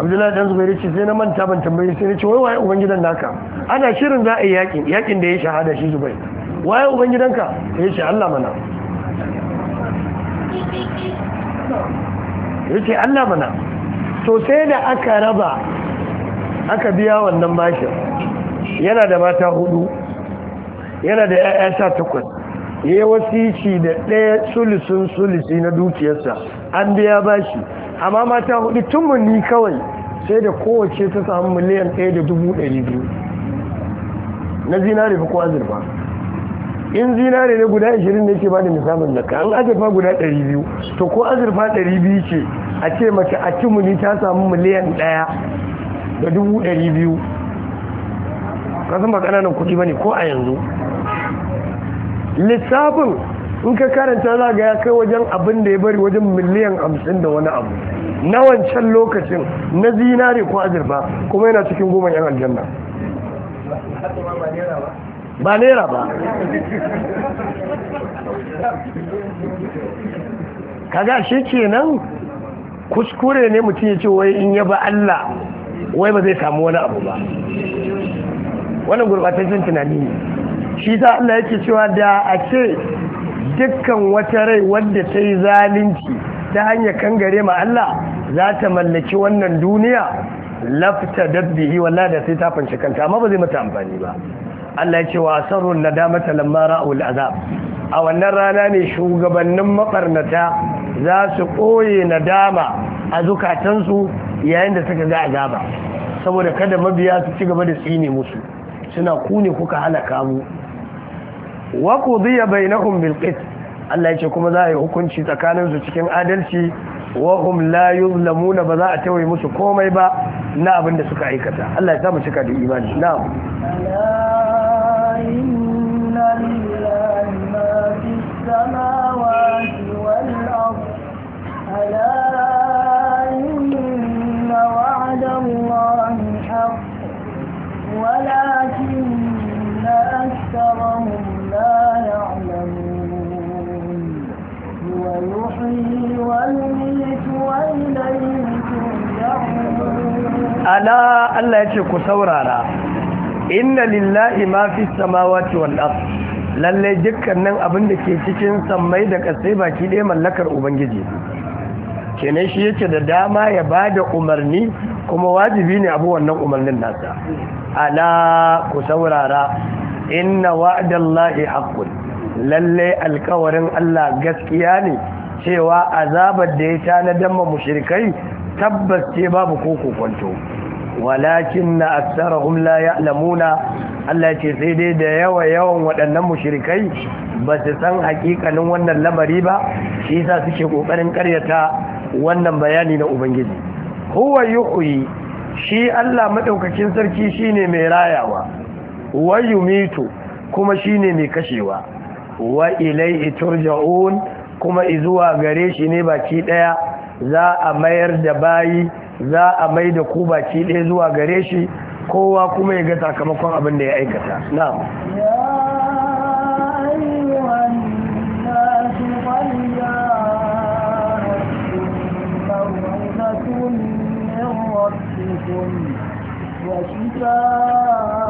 abdullahi dan zubairu ce sai na manta ban tambaye sai na ce wai waye ubangidan naka ana shirin za a yi yakin yakin da ya shahada shi zubai waye ubangidanka ya ce Allah mana ya ce Allah mana to sai da aka raba aka biya wannan bashin yana da mata hudu yana da 'ya'ya sha takwas ya yi wasici da ɗaya sulisun sulisi na dukiyarsa an biya bashi amma mata hudu tun muni kawai sai da kowace ta samu miliyan ɗaya da dubu ɗari biyu na zinare fi ko azurfa in zinare ne guda 20 ne ke ba da misalin naka an azurfa guda 200 to ko azurfa 200 ce a ce mace a muni ta samu miliyan 1 da 200 kasan ba kananan kuɗi ba ne ko a yanzu lissafin in ka karanta za ga ya kai wajen abin da ya bari wajen miliyan hamsin da wani abu na wancan lokacin na zinari ko azurfa kuma yana cikin goma yan aljanna ba naira ba kaga shi kenan kuskure ne mutum ya ce wai in yaba Allah wai ba zai samu wani abu ba wannan gurbataccen tunani ne shi ta Allah yake cewa da a ce dukkan wata rai wadda ta yi zalunci ta hanyar kangare ma Allah za ta mallaki wannan duniya lafta dabbihi wallahi da sai ta fanci kanta amma ba zai mata amfani ba Allah ya ce wa asarun nadamata lamma ra'ul azab a wannan rana ne shugabannin mabarnata za su koye nadama a zukatansu yayin da suka ga azaba saboda kada mabiya su ci gaba da tsine musu suna kune kuka halaka mu wa bai bainahum bil qist Allah ce kuma za a yi hukunci tsakanin su cikin adalci wa hum ba za a tawaye musu komai ba na abin da suka aikata Allah ya sa mu cika da imani na'am inna lillahi لا يعلمون هو يحيي ويميت وإليه ترجعون ألا ألا يشك سورارا إن لله ما في lallai dukkanin abin da ke cikin sammai da ƙasai baki ɗaya mallakar ubangiji kenan shi yake da dama ya ba da umarni kuma wajibi ne abu wannan umarnin nasa ala ku saurara inna wa'dallahi haqqun lalle alkawarin Allah gaskiya ne cewa azabar da ya tana ma mushrikai tabbas ce babu ko kwanto walakin na aksarahum la ya'lamuna Allah ce sai dai da yawa yawan waɗannan mushrikai ba su san hakikanin wannan lamari ba shi yasa suke kokarin karyata wannan bayani na ubangiji huwa yuhyi shi Allah madaukakin sarki shine mai rayawa wa yumitu kuma shine mai kashewa wa ilaihi turja'un kuma izuwa gare shi ne baki daya za a mayar da bayi za a mai da ku baki daya zuwa gare shi kowa kuma ya ga sakamakon abin da ya aikata na'am وشتاء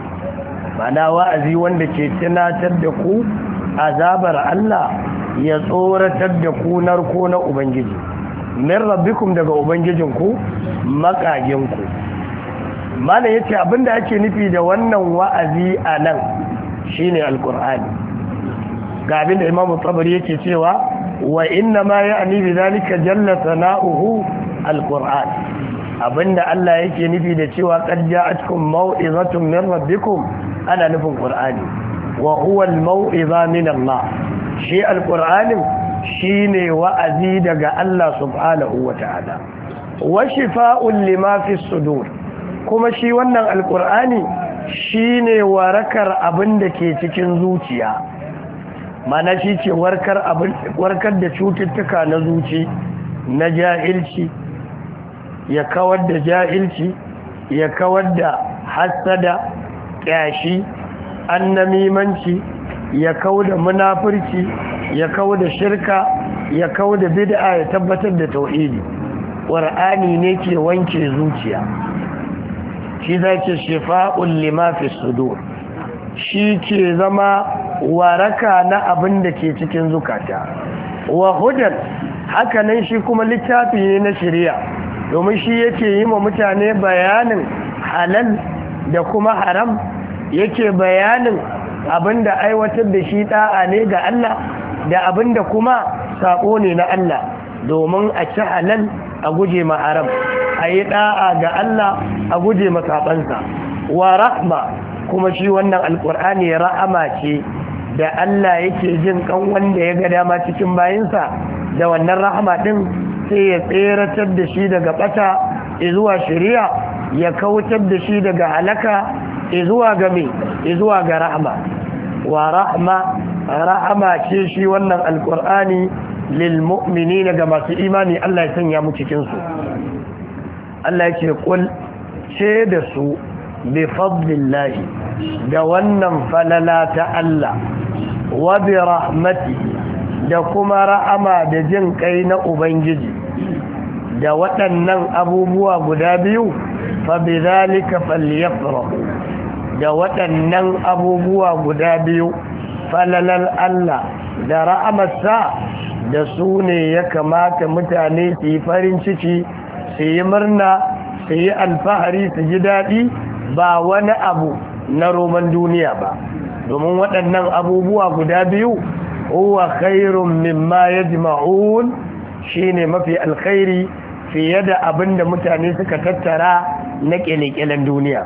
mana wa'azi wanda ke tunatar da ku azabar Allah ya tsoratar da ku narko na Ubangiji min rabbikum daga Ubangijinku makaginku mana ya ce abinda ake nufi da wannan wa'azi a nan shi ne alkur'ani ga abinda imamu tsabari yake cewa wa inna ma ya anibi bi zalika jalla sana'uhu alkur'ani abinda Allah yake nufi da cewa qad ja'atkum maw'izatun min rabbikum ana nufin qur'ani wa huwa al-maw'iza min Allah shi al qurani shine wa'azi daga Allah subhanahu wa ta'ala wa shifa'un lima fi sudur kuma shi wannan al-qur'ani shine warakar abinda ke cikin zuciya mana shi ce warkar abin warkar da cututtuka na zuci na jahilci ya kawar da jahilci ya kawar da hassada ƙyashi annamimanci ya kawar da munafurci ya kawar da shirka ya kawar da bid'a ya tabbatar da tauhidi qur'ani ne ke wanke zuciya shi zake shifa'un lima fi sudur shi ke zama waraka na abin da ke cikin zukata wa hudan hakanan shi kuma littafi ne na shari'a domin shi yake yi ma mutane bayanin halal da kuma haram yake bayanin abin da aiwatar da shi da'a ne ga Allah da abin da kuma saƙo ne na Allah domin a ci halal a guje ma haram a yi da'a ga Allah a guje ma saɓansa wa rahma kuma shi wannan alƙur'ani ra'ama ce da Allah yake jin kan wanda ya ga dama cikin bayinsa da wannan rahama ɗin sai ya tseratar da shi daga bata zuwa shari'a ya kautar da shi daga halaka zuwa ga zuwa ga rahma wa rahma ce shi wannan alkur'ani lil mu'minina masu imani Allah ya sanya mu cikin su Allah ya ce kul ce da su bi fadlillahi da wannan falala ta Allah wa bi rahmatihi da kuma ra'ama da jin kai na ubangiji da waɗannan abubuwa guda biyu fabi zalika falyafra da waɗannan abubuwa guda biyu falalar Allah da ra'amarsa da su ne ya kamata mutane su yi farin ciki su yi murna su yi alfahari su ji daɗi ba wani abu na roman duniya ba domin waɗannan abubuwa guda biyu huwa khairun mimma shi shine mafi alkhairi fiye da abin da mutane suka tattara na ƙyale-ƙyalen duniya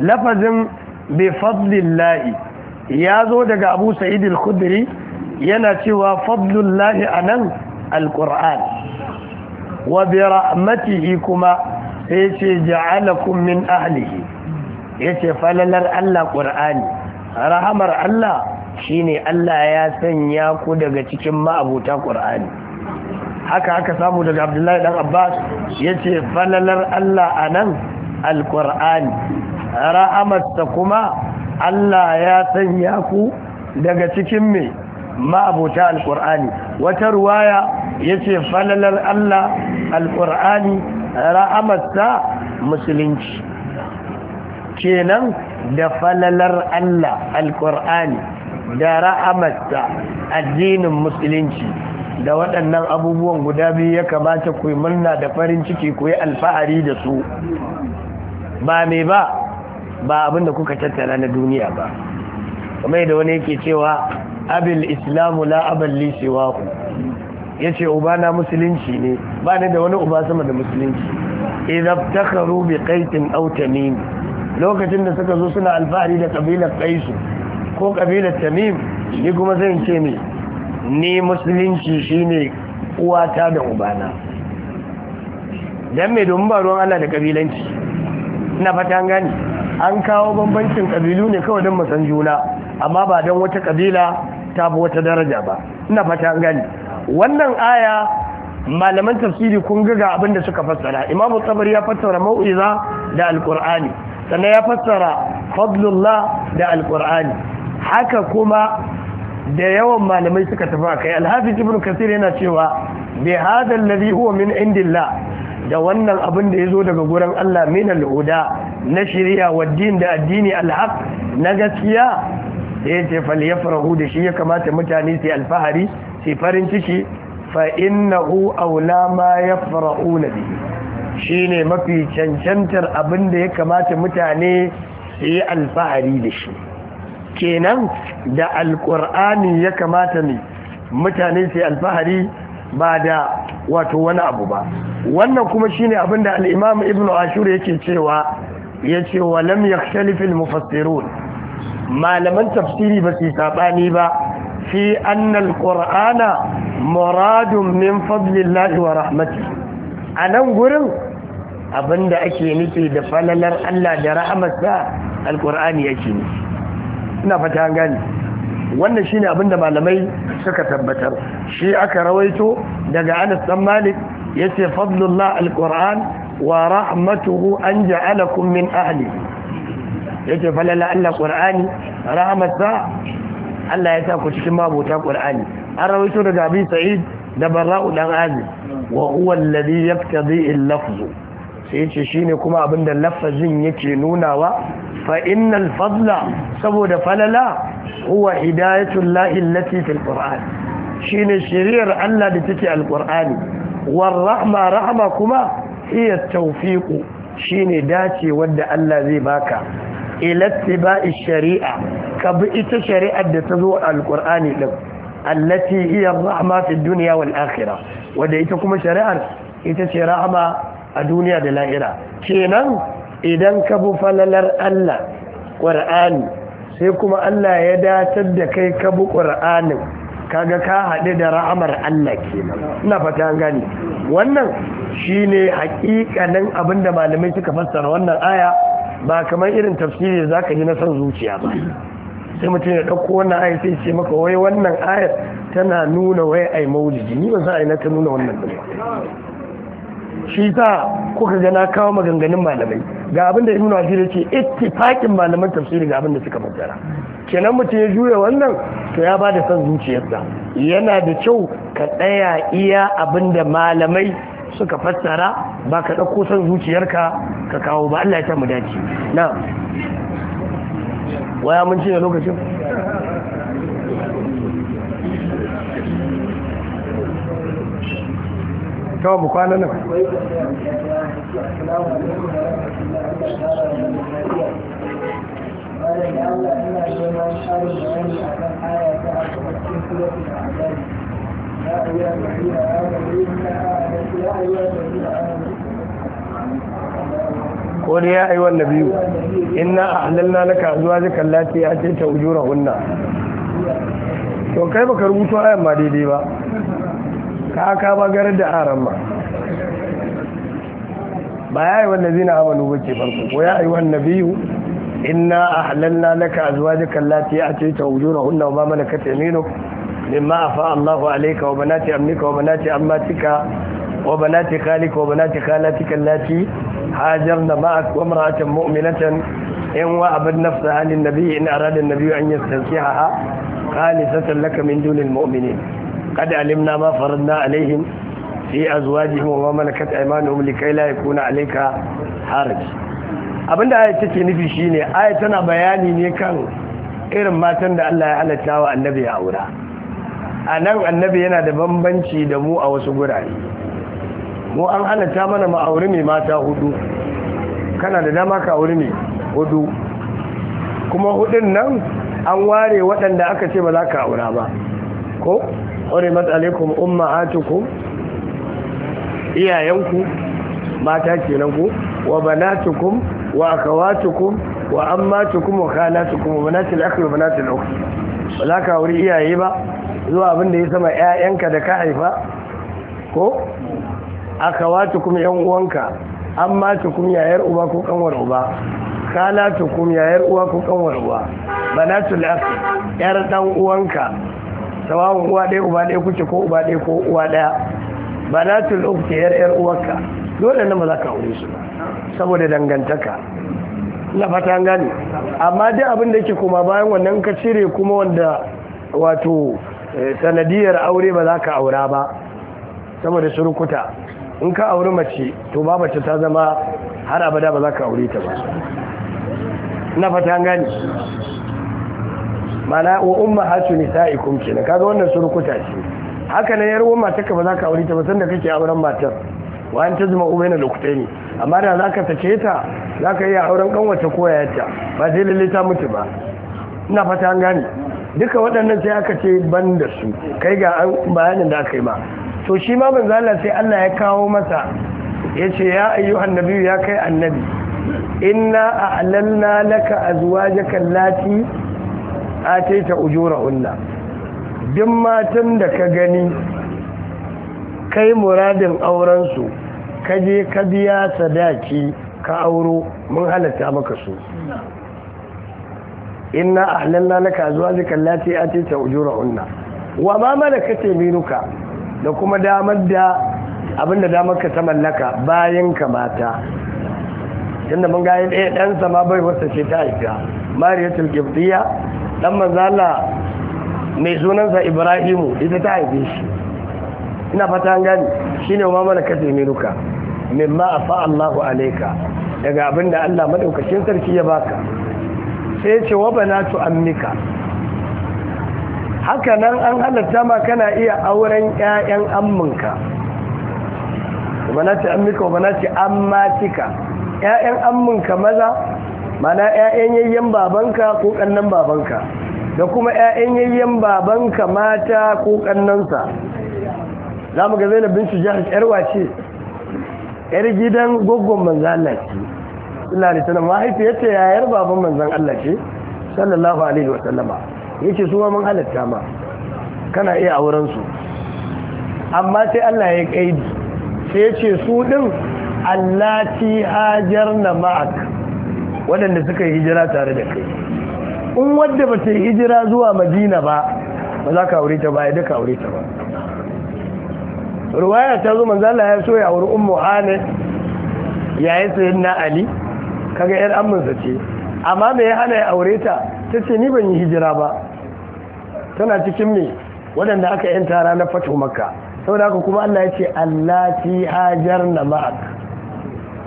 lafazin bi fadlillahi ya zo daga abu sa'id al-khudri yana cewa fadlullahi anan al-qur'an wa bi ra'amatihi kuma sai ce ja'alakum min ya ce falalar Allah Ƙur'ani, rahamar Allah shine Allah ya sanya ku daga cikin ma'abuta Ƙur'ani. haka aka samu daga abdullahi dan abbas ya ce falalar allah a nan alkur'ani ra'amarsa kuma allah ya sanya ku daga cikin mai ma'abuta alkur'ani wata ruwaya ya ce falalar allah alkur'ani ra'amarsa musulunci kenan da falalar allah alkur'ani da ra'amarsa addinin musulunci da waɗannan abubuwan guda biyu ya kamata ku yi murna da farin ciki ku yi alfahari da su ba me ba ba abin da kuka tattara na duniya ba kuma da wani yake cewa abin islamu la aballi ku ya ce Uba na musulunci ne ba ne da wani uba sama da musulunci idan takaru bi kaitin autamim lokacin da suka zo suna alfahari da kabilar kaisu ko kabilar tamim ni kuma zan ce mai ni musulunci shine uwata da ubana dan me domin ba Allah da kabilanci ina fatan an gani an kawo bambancin kabilu ne kawai don musan juna amma ba don wata kabila ta bi wata daraja ba ina fatan gani wannan aya malaman tafsiri kun ga ga abinda suka fassara imamu tsabari ya fassara mau'iza da alkur'ani sannan ya fassara fadlullah da alkur'ani haka kuma da yawan malamai suka tafi a kai alhafiz ibn kasir yana cewa bai hadha alladhi huwa min indillah da wannan abin da ya zo daga gurin Allah min al na shirya wa din da addini al na gaskiya da ya falyafrahu da shi ya kamata mutane su alfahari su farin ciki fa innahu aula ma yafrahuna Shi shine mafi cancantar abin da ya kamata mutane su yi alfahari da shi kenan da Alƙur'ani ya kamata ne mutane sai alfahari ba da wato wani abu ba wannan kuma shine abin da alimam ibn ashur yake cewa ce wa lam yakhtalifu mufassirun malaman tafsiri ba su saɓani ba fi annal al muradun min fadlillahi wa a nan gurin abinda ake nufi da falalar Allah da rahmatsa Alƙur'ani qurani yake nufi ina fata gani wannan shine abin da malamai suka tabbatar shi aka rawaito daga Anas dan Malik yace fadlullah alquran wa rahmatuhu an ja'alakum min ahli yace falala Allah qur'ani rahmatsa Allah ya sa ku cikin mabuta qur'ani an rawaito daga Abi Sa'id da Barra'u dan Azib wa huwa alladhi yaqtadi al-lafzu sai yace shine kuma abinda lafazin yake nunawa fa innal fadla saboda falala huwa hidayatul lahi allati fil qur'an shine shiriyar Allah da take alqur'ani war rahma rahma kuma hiya tawfiqu shine dace wanda Allah zai baka ila tibai shari'a ka bi ita shari'ar da ta zo alqur'ani din allati hiya rahma fi dunya wal akhirah wanda ita kuma shari'ar ita ce rahma a duniya da la'ira kenan idan ka bi falalar Allah ƙwar'ani sai kuma Allah ya datar da kai ka bi ƙwar'anin kaga ka haɗe da ra'amar Allah kenan ina fata gani wannan shine hakikanin abinda malamai suka fassara wannan aya ba kamar irin tafsiri zaka ji na son zuciya ba sai mutum ya ɗauko wannan aya sai ce maka wai wannan ayar tana nuna wai ai maulidi ni za a yi na ta nuna wannan din shi sa kuka ga na kawo maganganun malamai ga abin da ibnu asir ita ittifaqin malaman tafsiri ga abin da suka fassara kenan mutum ya juya wannan to ya da san zuciyarsa yana da kyau ka tsaya iya abin da malamai suka fassara ba ka ɗauko son zuciyarka ka kawo ba Allah ya ta mu dace na waya mun ne lokacin kawo mu kwana nan ko dai ya aiwa nabiyu inna ahlalna ya ce ta 'Ujura-hunna. to kai baka rubuto ayan ma daidai ba ka ka bagarar da aran ma ba ya yi wanda zina amanu ba ke farko ko ya yi wanda biyu inna a halalna a azwajika allati atayta ujurahunna wa ma malakat yaminuk mimma afa Allahu alayka wa banati amnika wa banati ammatika wa banati khalik wa banati khalatika allati hajarna ma'ak wa imra'atan mu'minatan in wa abad nafsaha lin nabi in arada an-nabiy yi an yastankihaha khalisatan laka min dunil mu'minin قد علمنا ما فرضنا عليهم في أزواجهم وما ملكت أيمانهم لكي لا يكون عليك حرج abinda ayat take nufi shine ayat tana bayani ne kan irin matan da Allah ya halatta wa annabi ya aura anan annabi yana da bambanci da mu a wasu gurare mu an halatta mana mu aure mai mata hudu kana da dama ka aure mai hudu kuma hudun nan an ware waɗanda aka ce ba za ka aura ba ko hurimat alaikum ummahatukum iyayenku mata nan ku wa banatukum wa akhawatukum wa ammatukum wa khalatukum wa banatil akhi wa banatil ukhti ba za ka wuri iyaye ba zuwa abin da ya sama ƴaƴanka da ka haifa ko akhawatukum yan uwanka ammatukum yayar uba ko kanwar uba khalatukum yayar uwa ko kanwar uba banatul akhi yar dan uwanka sawawun uwa ɗaya uba ɗaya kuce ko uba ɗaya ko uwa ɗaya ba na tun ukti yar yar uwarka dole na ba za ka aure su saboda dangantaka na fata gani amma dai abin da yake kuma bayan wannan ka cire kuma wanda wato eh, sanadiyar aure ba za ka aura ba saboda surukuta in ka auri mace to ba mace ta zama har abada ba za ka aure ta ba na fata gani mana wa umma hatu nisa'ikum kenan kaga wannan surukuta ce haka ne yar umma ka ba za ka aure ta ba sanda kake auren matar wa an tazma ubaina ne amma da ka sake ta za ka iya auren kanwata ko yayarta ba sai lalle ta mutu ba ina fata an gane duka waɗannan sai aka ce ban da su kai ga bayanin da aka yi ba to shi ma manzo Allah sai Allah ya kawo masa Ya ce ya ayyuhan nabiyyu ya kai annabi inna a'lanna laka azwajaka Lati? ujura unna duk matan da ka gani kai muradin aurensu ka je ka biya sadaki ka auro mun halatta maka su inna ahlalla laka azwajaka allati ujura unna wa ma malakat yaminuka da kuma damar da abinda damar ka ta mallaka bayan ka mata tunda mun ga ɗaya ɗansa ma bai wasa ce ta aika mariyatul qibtiyya dan manzala mai sunansa ibrahimu ita ta haife shi ina fata gani shine ne ma mana kace mai ruka mimma a Allahu alaika daga abinda allah maɗaukacin sarki ya baka sai ce wa bana ammika haka nan an halatta ma kana iya auren 'ya'yan amminka wa ammika wa bana ammatika 'ya'yan amminka maza mana 'ya'yan yayyen babanka ko ƙannan babanka da kuma 'ya'yan yayyen babanka mata ko ƙannansa za mu ga zainab bin jihar yarwa ce yar gidan goggon manzan Allah ce suna da tana mahaifiyar ta yayar baban manzan Allah ce sallallahu alaihi wa sallama ce su ma mun halatta ma kana iya auren su amma sai Allah ya kaidi sai ce su din allati na ma'aka waɗanda suka yi hijira tare da kai in wadda ba ta yi hijira zuwa madina ba ba za ka aure ta ba ya duka aure ta ba ruwaya ta zo manzala ya so ya auri ummu hane yayin sayin na ali kaga yar aminsa ce amma me ya hana ya aure ta ta ce ni ban yi hijira ba tana cikin me waɗanda aka yanta ranar fatu makka saboda haka kuma allah ya ce allati hajar na ma'ak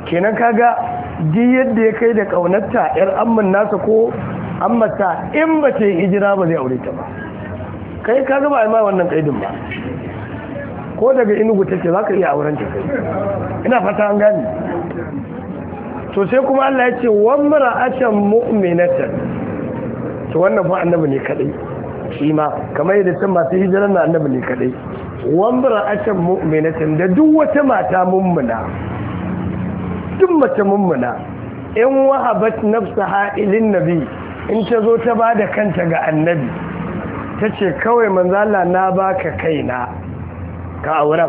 kenan kaga duk yadda ya kai da ƙaunarta ‘yar amman nasa ko ammata in ba ce hijira ba zai aure ta ba kai ka zama a ma wannan ƙaidin ba ko daga inugu take za ka iya auren ta kai ina fata an gani to sai kuma Allah ya ce wan mara'atan mu'minatan to wannan fa annabi ne kadai shi ma kamar yadda ta masu hijira na annabi ne kadai wan mara'atan mu'minatan da duk wata mata mummuna duk mace mummuna in wahabat nafsa ha'ilin nabi in ta zo ta ba da kanta ga annabi ta ce kawai manzala na baka kaina ka auren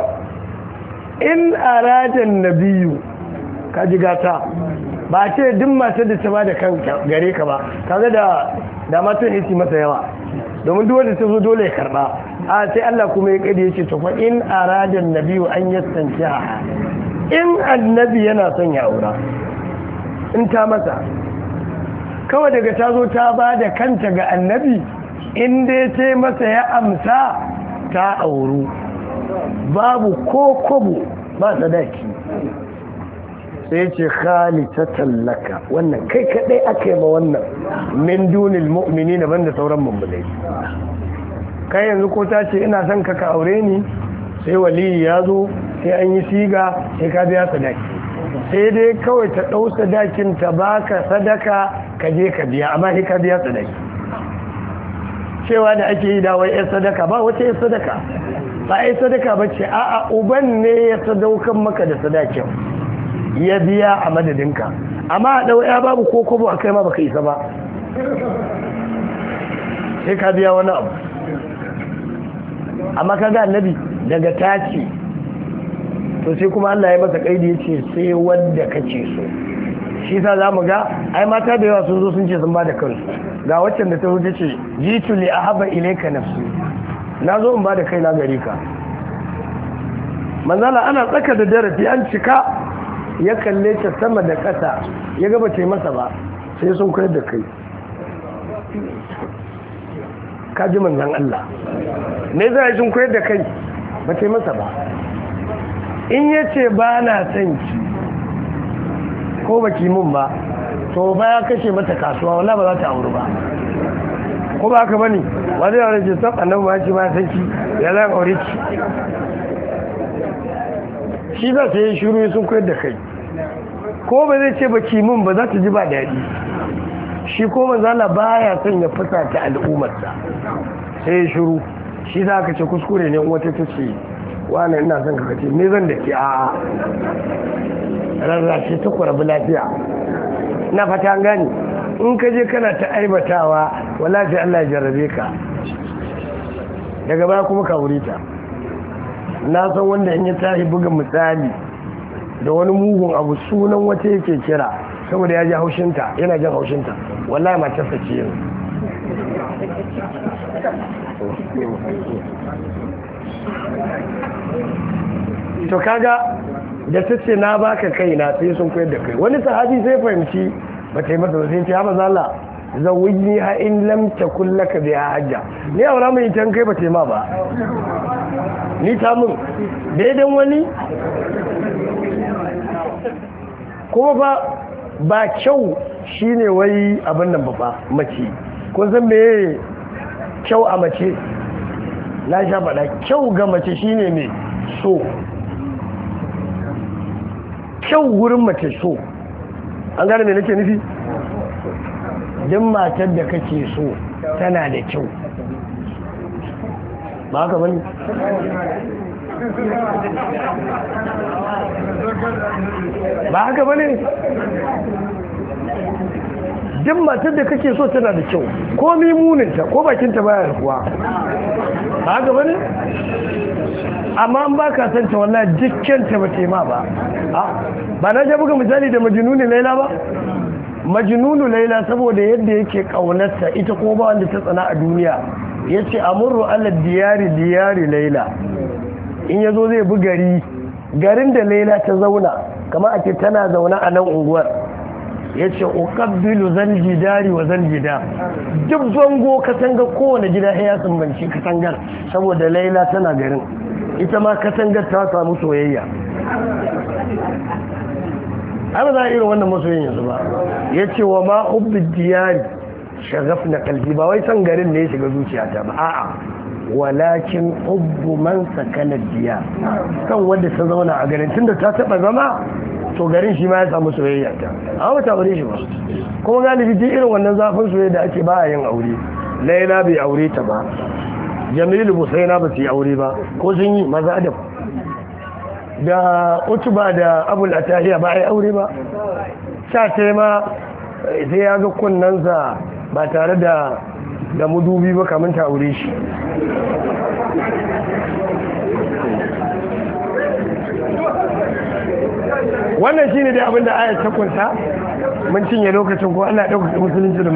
in aradan nabiyu ka ji gata ba ce duk masu da ta ba da kanta gare ka ba kaga da da matan isi masa yawa domin duk wanda ta zo dole ya karba a sai Allah kuma ya kade yace to fa in aradan nabiyu an yastankiha in annabi yana son ya aura in ta masa kawai daga ta zo ta ba da kanta ga annabi in dai ta masa ya amsa ta auru babu ko kobo ba sadaki sai ce ta tallaka wannan kai kadai aka yi ma wannan min dunil mu'mini na banda sauran mummulai kai yanzu ko ta ce ina son ka ka aure ni sai Waliyu ya zo sai an yi siga sai ka biya sadaki sai dai kawai ta ɗau sadakin ta baka sadaka ka je ka biya amma sai ka biya sadaki cewa da ake yi dawai ya sadaka ba wata ya sadaka ba ya sadaka ba ce a'a uban ne ya sadaukan maka da sadakin ya biya a madadinka amma a ɗau ya babu ko kobo a kai ma baka isa ba sai ka biya wani abu amma kaga annabi daga taci to sai kuma Allah ya masa kaidi yace sai wanda kace so shi sa zamu ga ai mata da yawa sun zo sun ce sun bada kansu ga waccan da ta wuce ce jitu li ahaba ilayka nafsi na zo in kai na gare ka manzala ana tsaka da darasi an cika ya kalle ta sama da kasa ya ga ce masa ba sai sun kai da kai Ka ji manzan Allah me yi sun koyar da kai ba ta masa ba in ya ce ba na son ki ko ba ki mun ba to ba ya kashe mata kasuwa wala ba za ta auri ba ko ba ka bani ba zai aure ki san annabi ba ki ba san ki ya za aure ki shi za ta yi shiru sun koyar da kai ko ba zai ce ba ki mun ba za ta ji ba daɗi shi ko ba manzala baya son ya ta al'ummarsa sai shiru shi za ka ce kuskure ne wata ta ce wani ina son ka ne me zan da ke a rarrashe ta lafiya na fata an gani in ka je kana ta aibatawa wala sai Allah ya jarrabe ka daga baya kuma ka wuri ta na san wanda in ya tashi buga misali da wani mugun abu sunan wata yake kira saboda ya ji haushinta yana jin haushinta wallahi matarsa sace yin to kaga da na baka kaina sai sun koyar da kai wani sahabi sai fahimci ba ta yi masa ba sai ce haɓa zala zawuyi ha in lam ta kullaka bi hajja ni aura mai tan kai ba ta ma ba ni ta mun daidan wani kuma ba ba kyau shine wai abin nan ba ba mace kun san me kyau a mace na sha faɗa kyau ga mace shine me so kyau wurin mace so an gane me nake nufi duk matar da kake so tana da kyau ba haka bane ba haka bane duk matar da kake so tana da kyau ko mimuninta ko bakinta baya rufuwa ba haka bane amma an ba ka san ta wallahi ta ba ma ba ba na ji buga misali da majnunu laila ba majnunu laila saboda yadda yake kaunarta ita ko ba wanda ta tsana a duniya yace amurru ala diyari diyari laila in yazo zai bi gari garin da laila ta zauna kamar ake tana zauna a nan unguwar ya ce ukabbilu zan jidari wa zan jida duk zango katanga kowane gida ya sumbanci katangar saboda laila tana garin ita ma katangar ta samu soyayya ana za a irin wannan masoyin yanzu ba ya ce wa ma hubbin diyari shagaf na kalbi ba wai san garin ne ya shiga ta ba a'a walakin hubbu man sakanar diya kan wanda ta zauna a garin tun da ta taba zama to garin shi ma ya samu soyayya ta amma ta aure shi ba kuma galibi duk irin wannan zafin soyayya da ake ba yin aure laila bai aure ta ba jamilu busaina ba su yi aure ba ko sun yi maza ku da utuba da abul atahiya ba a yi aure ba sha ta ma eh, sai ya ga kunnansa ba tare da da mudubi ba kamun ta aure shi wannan shine dai abinda ayat ta kunsa mun cinye lokacin ko Allah ya dauka musulunci da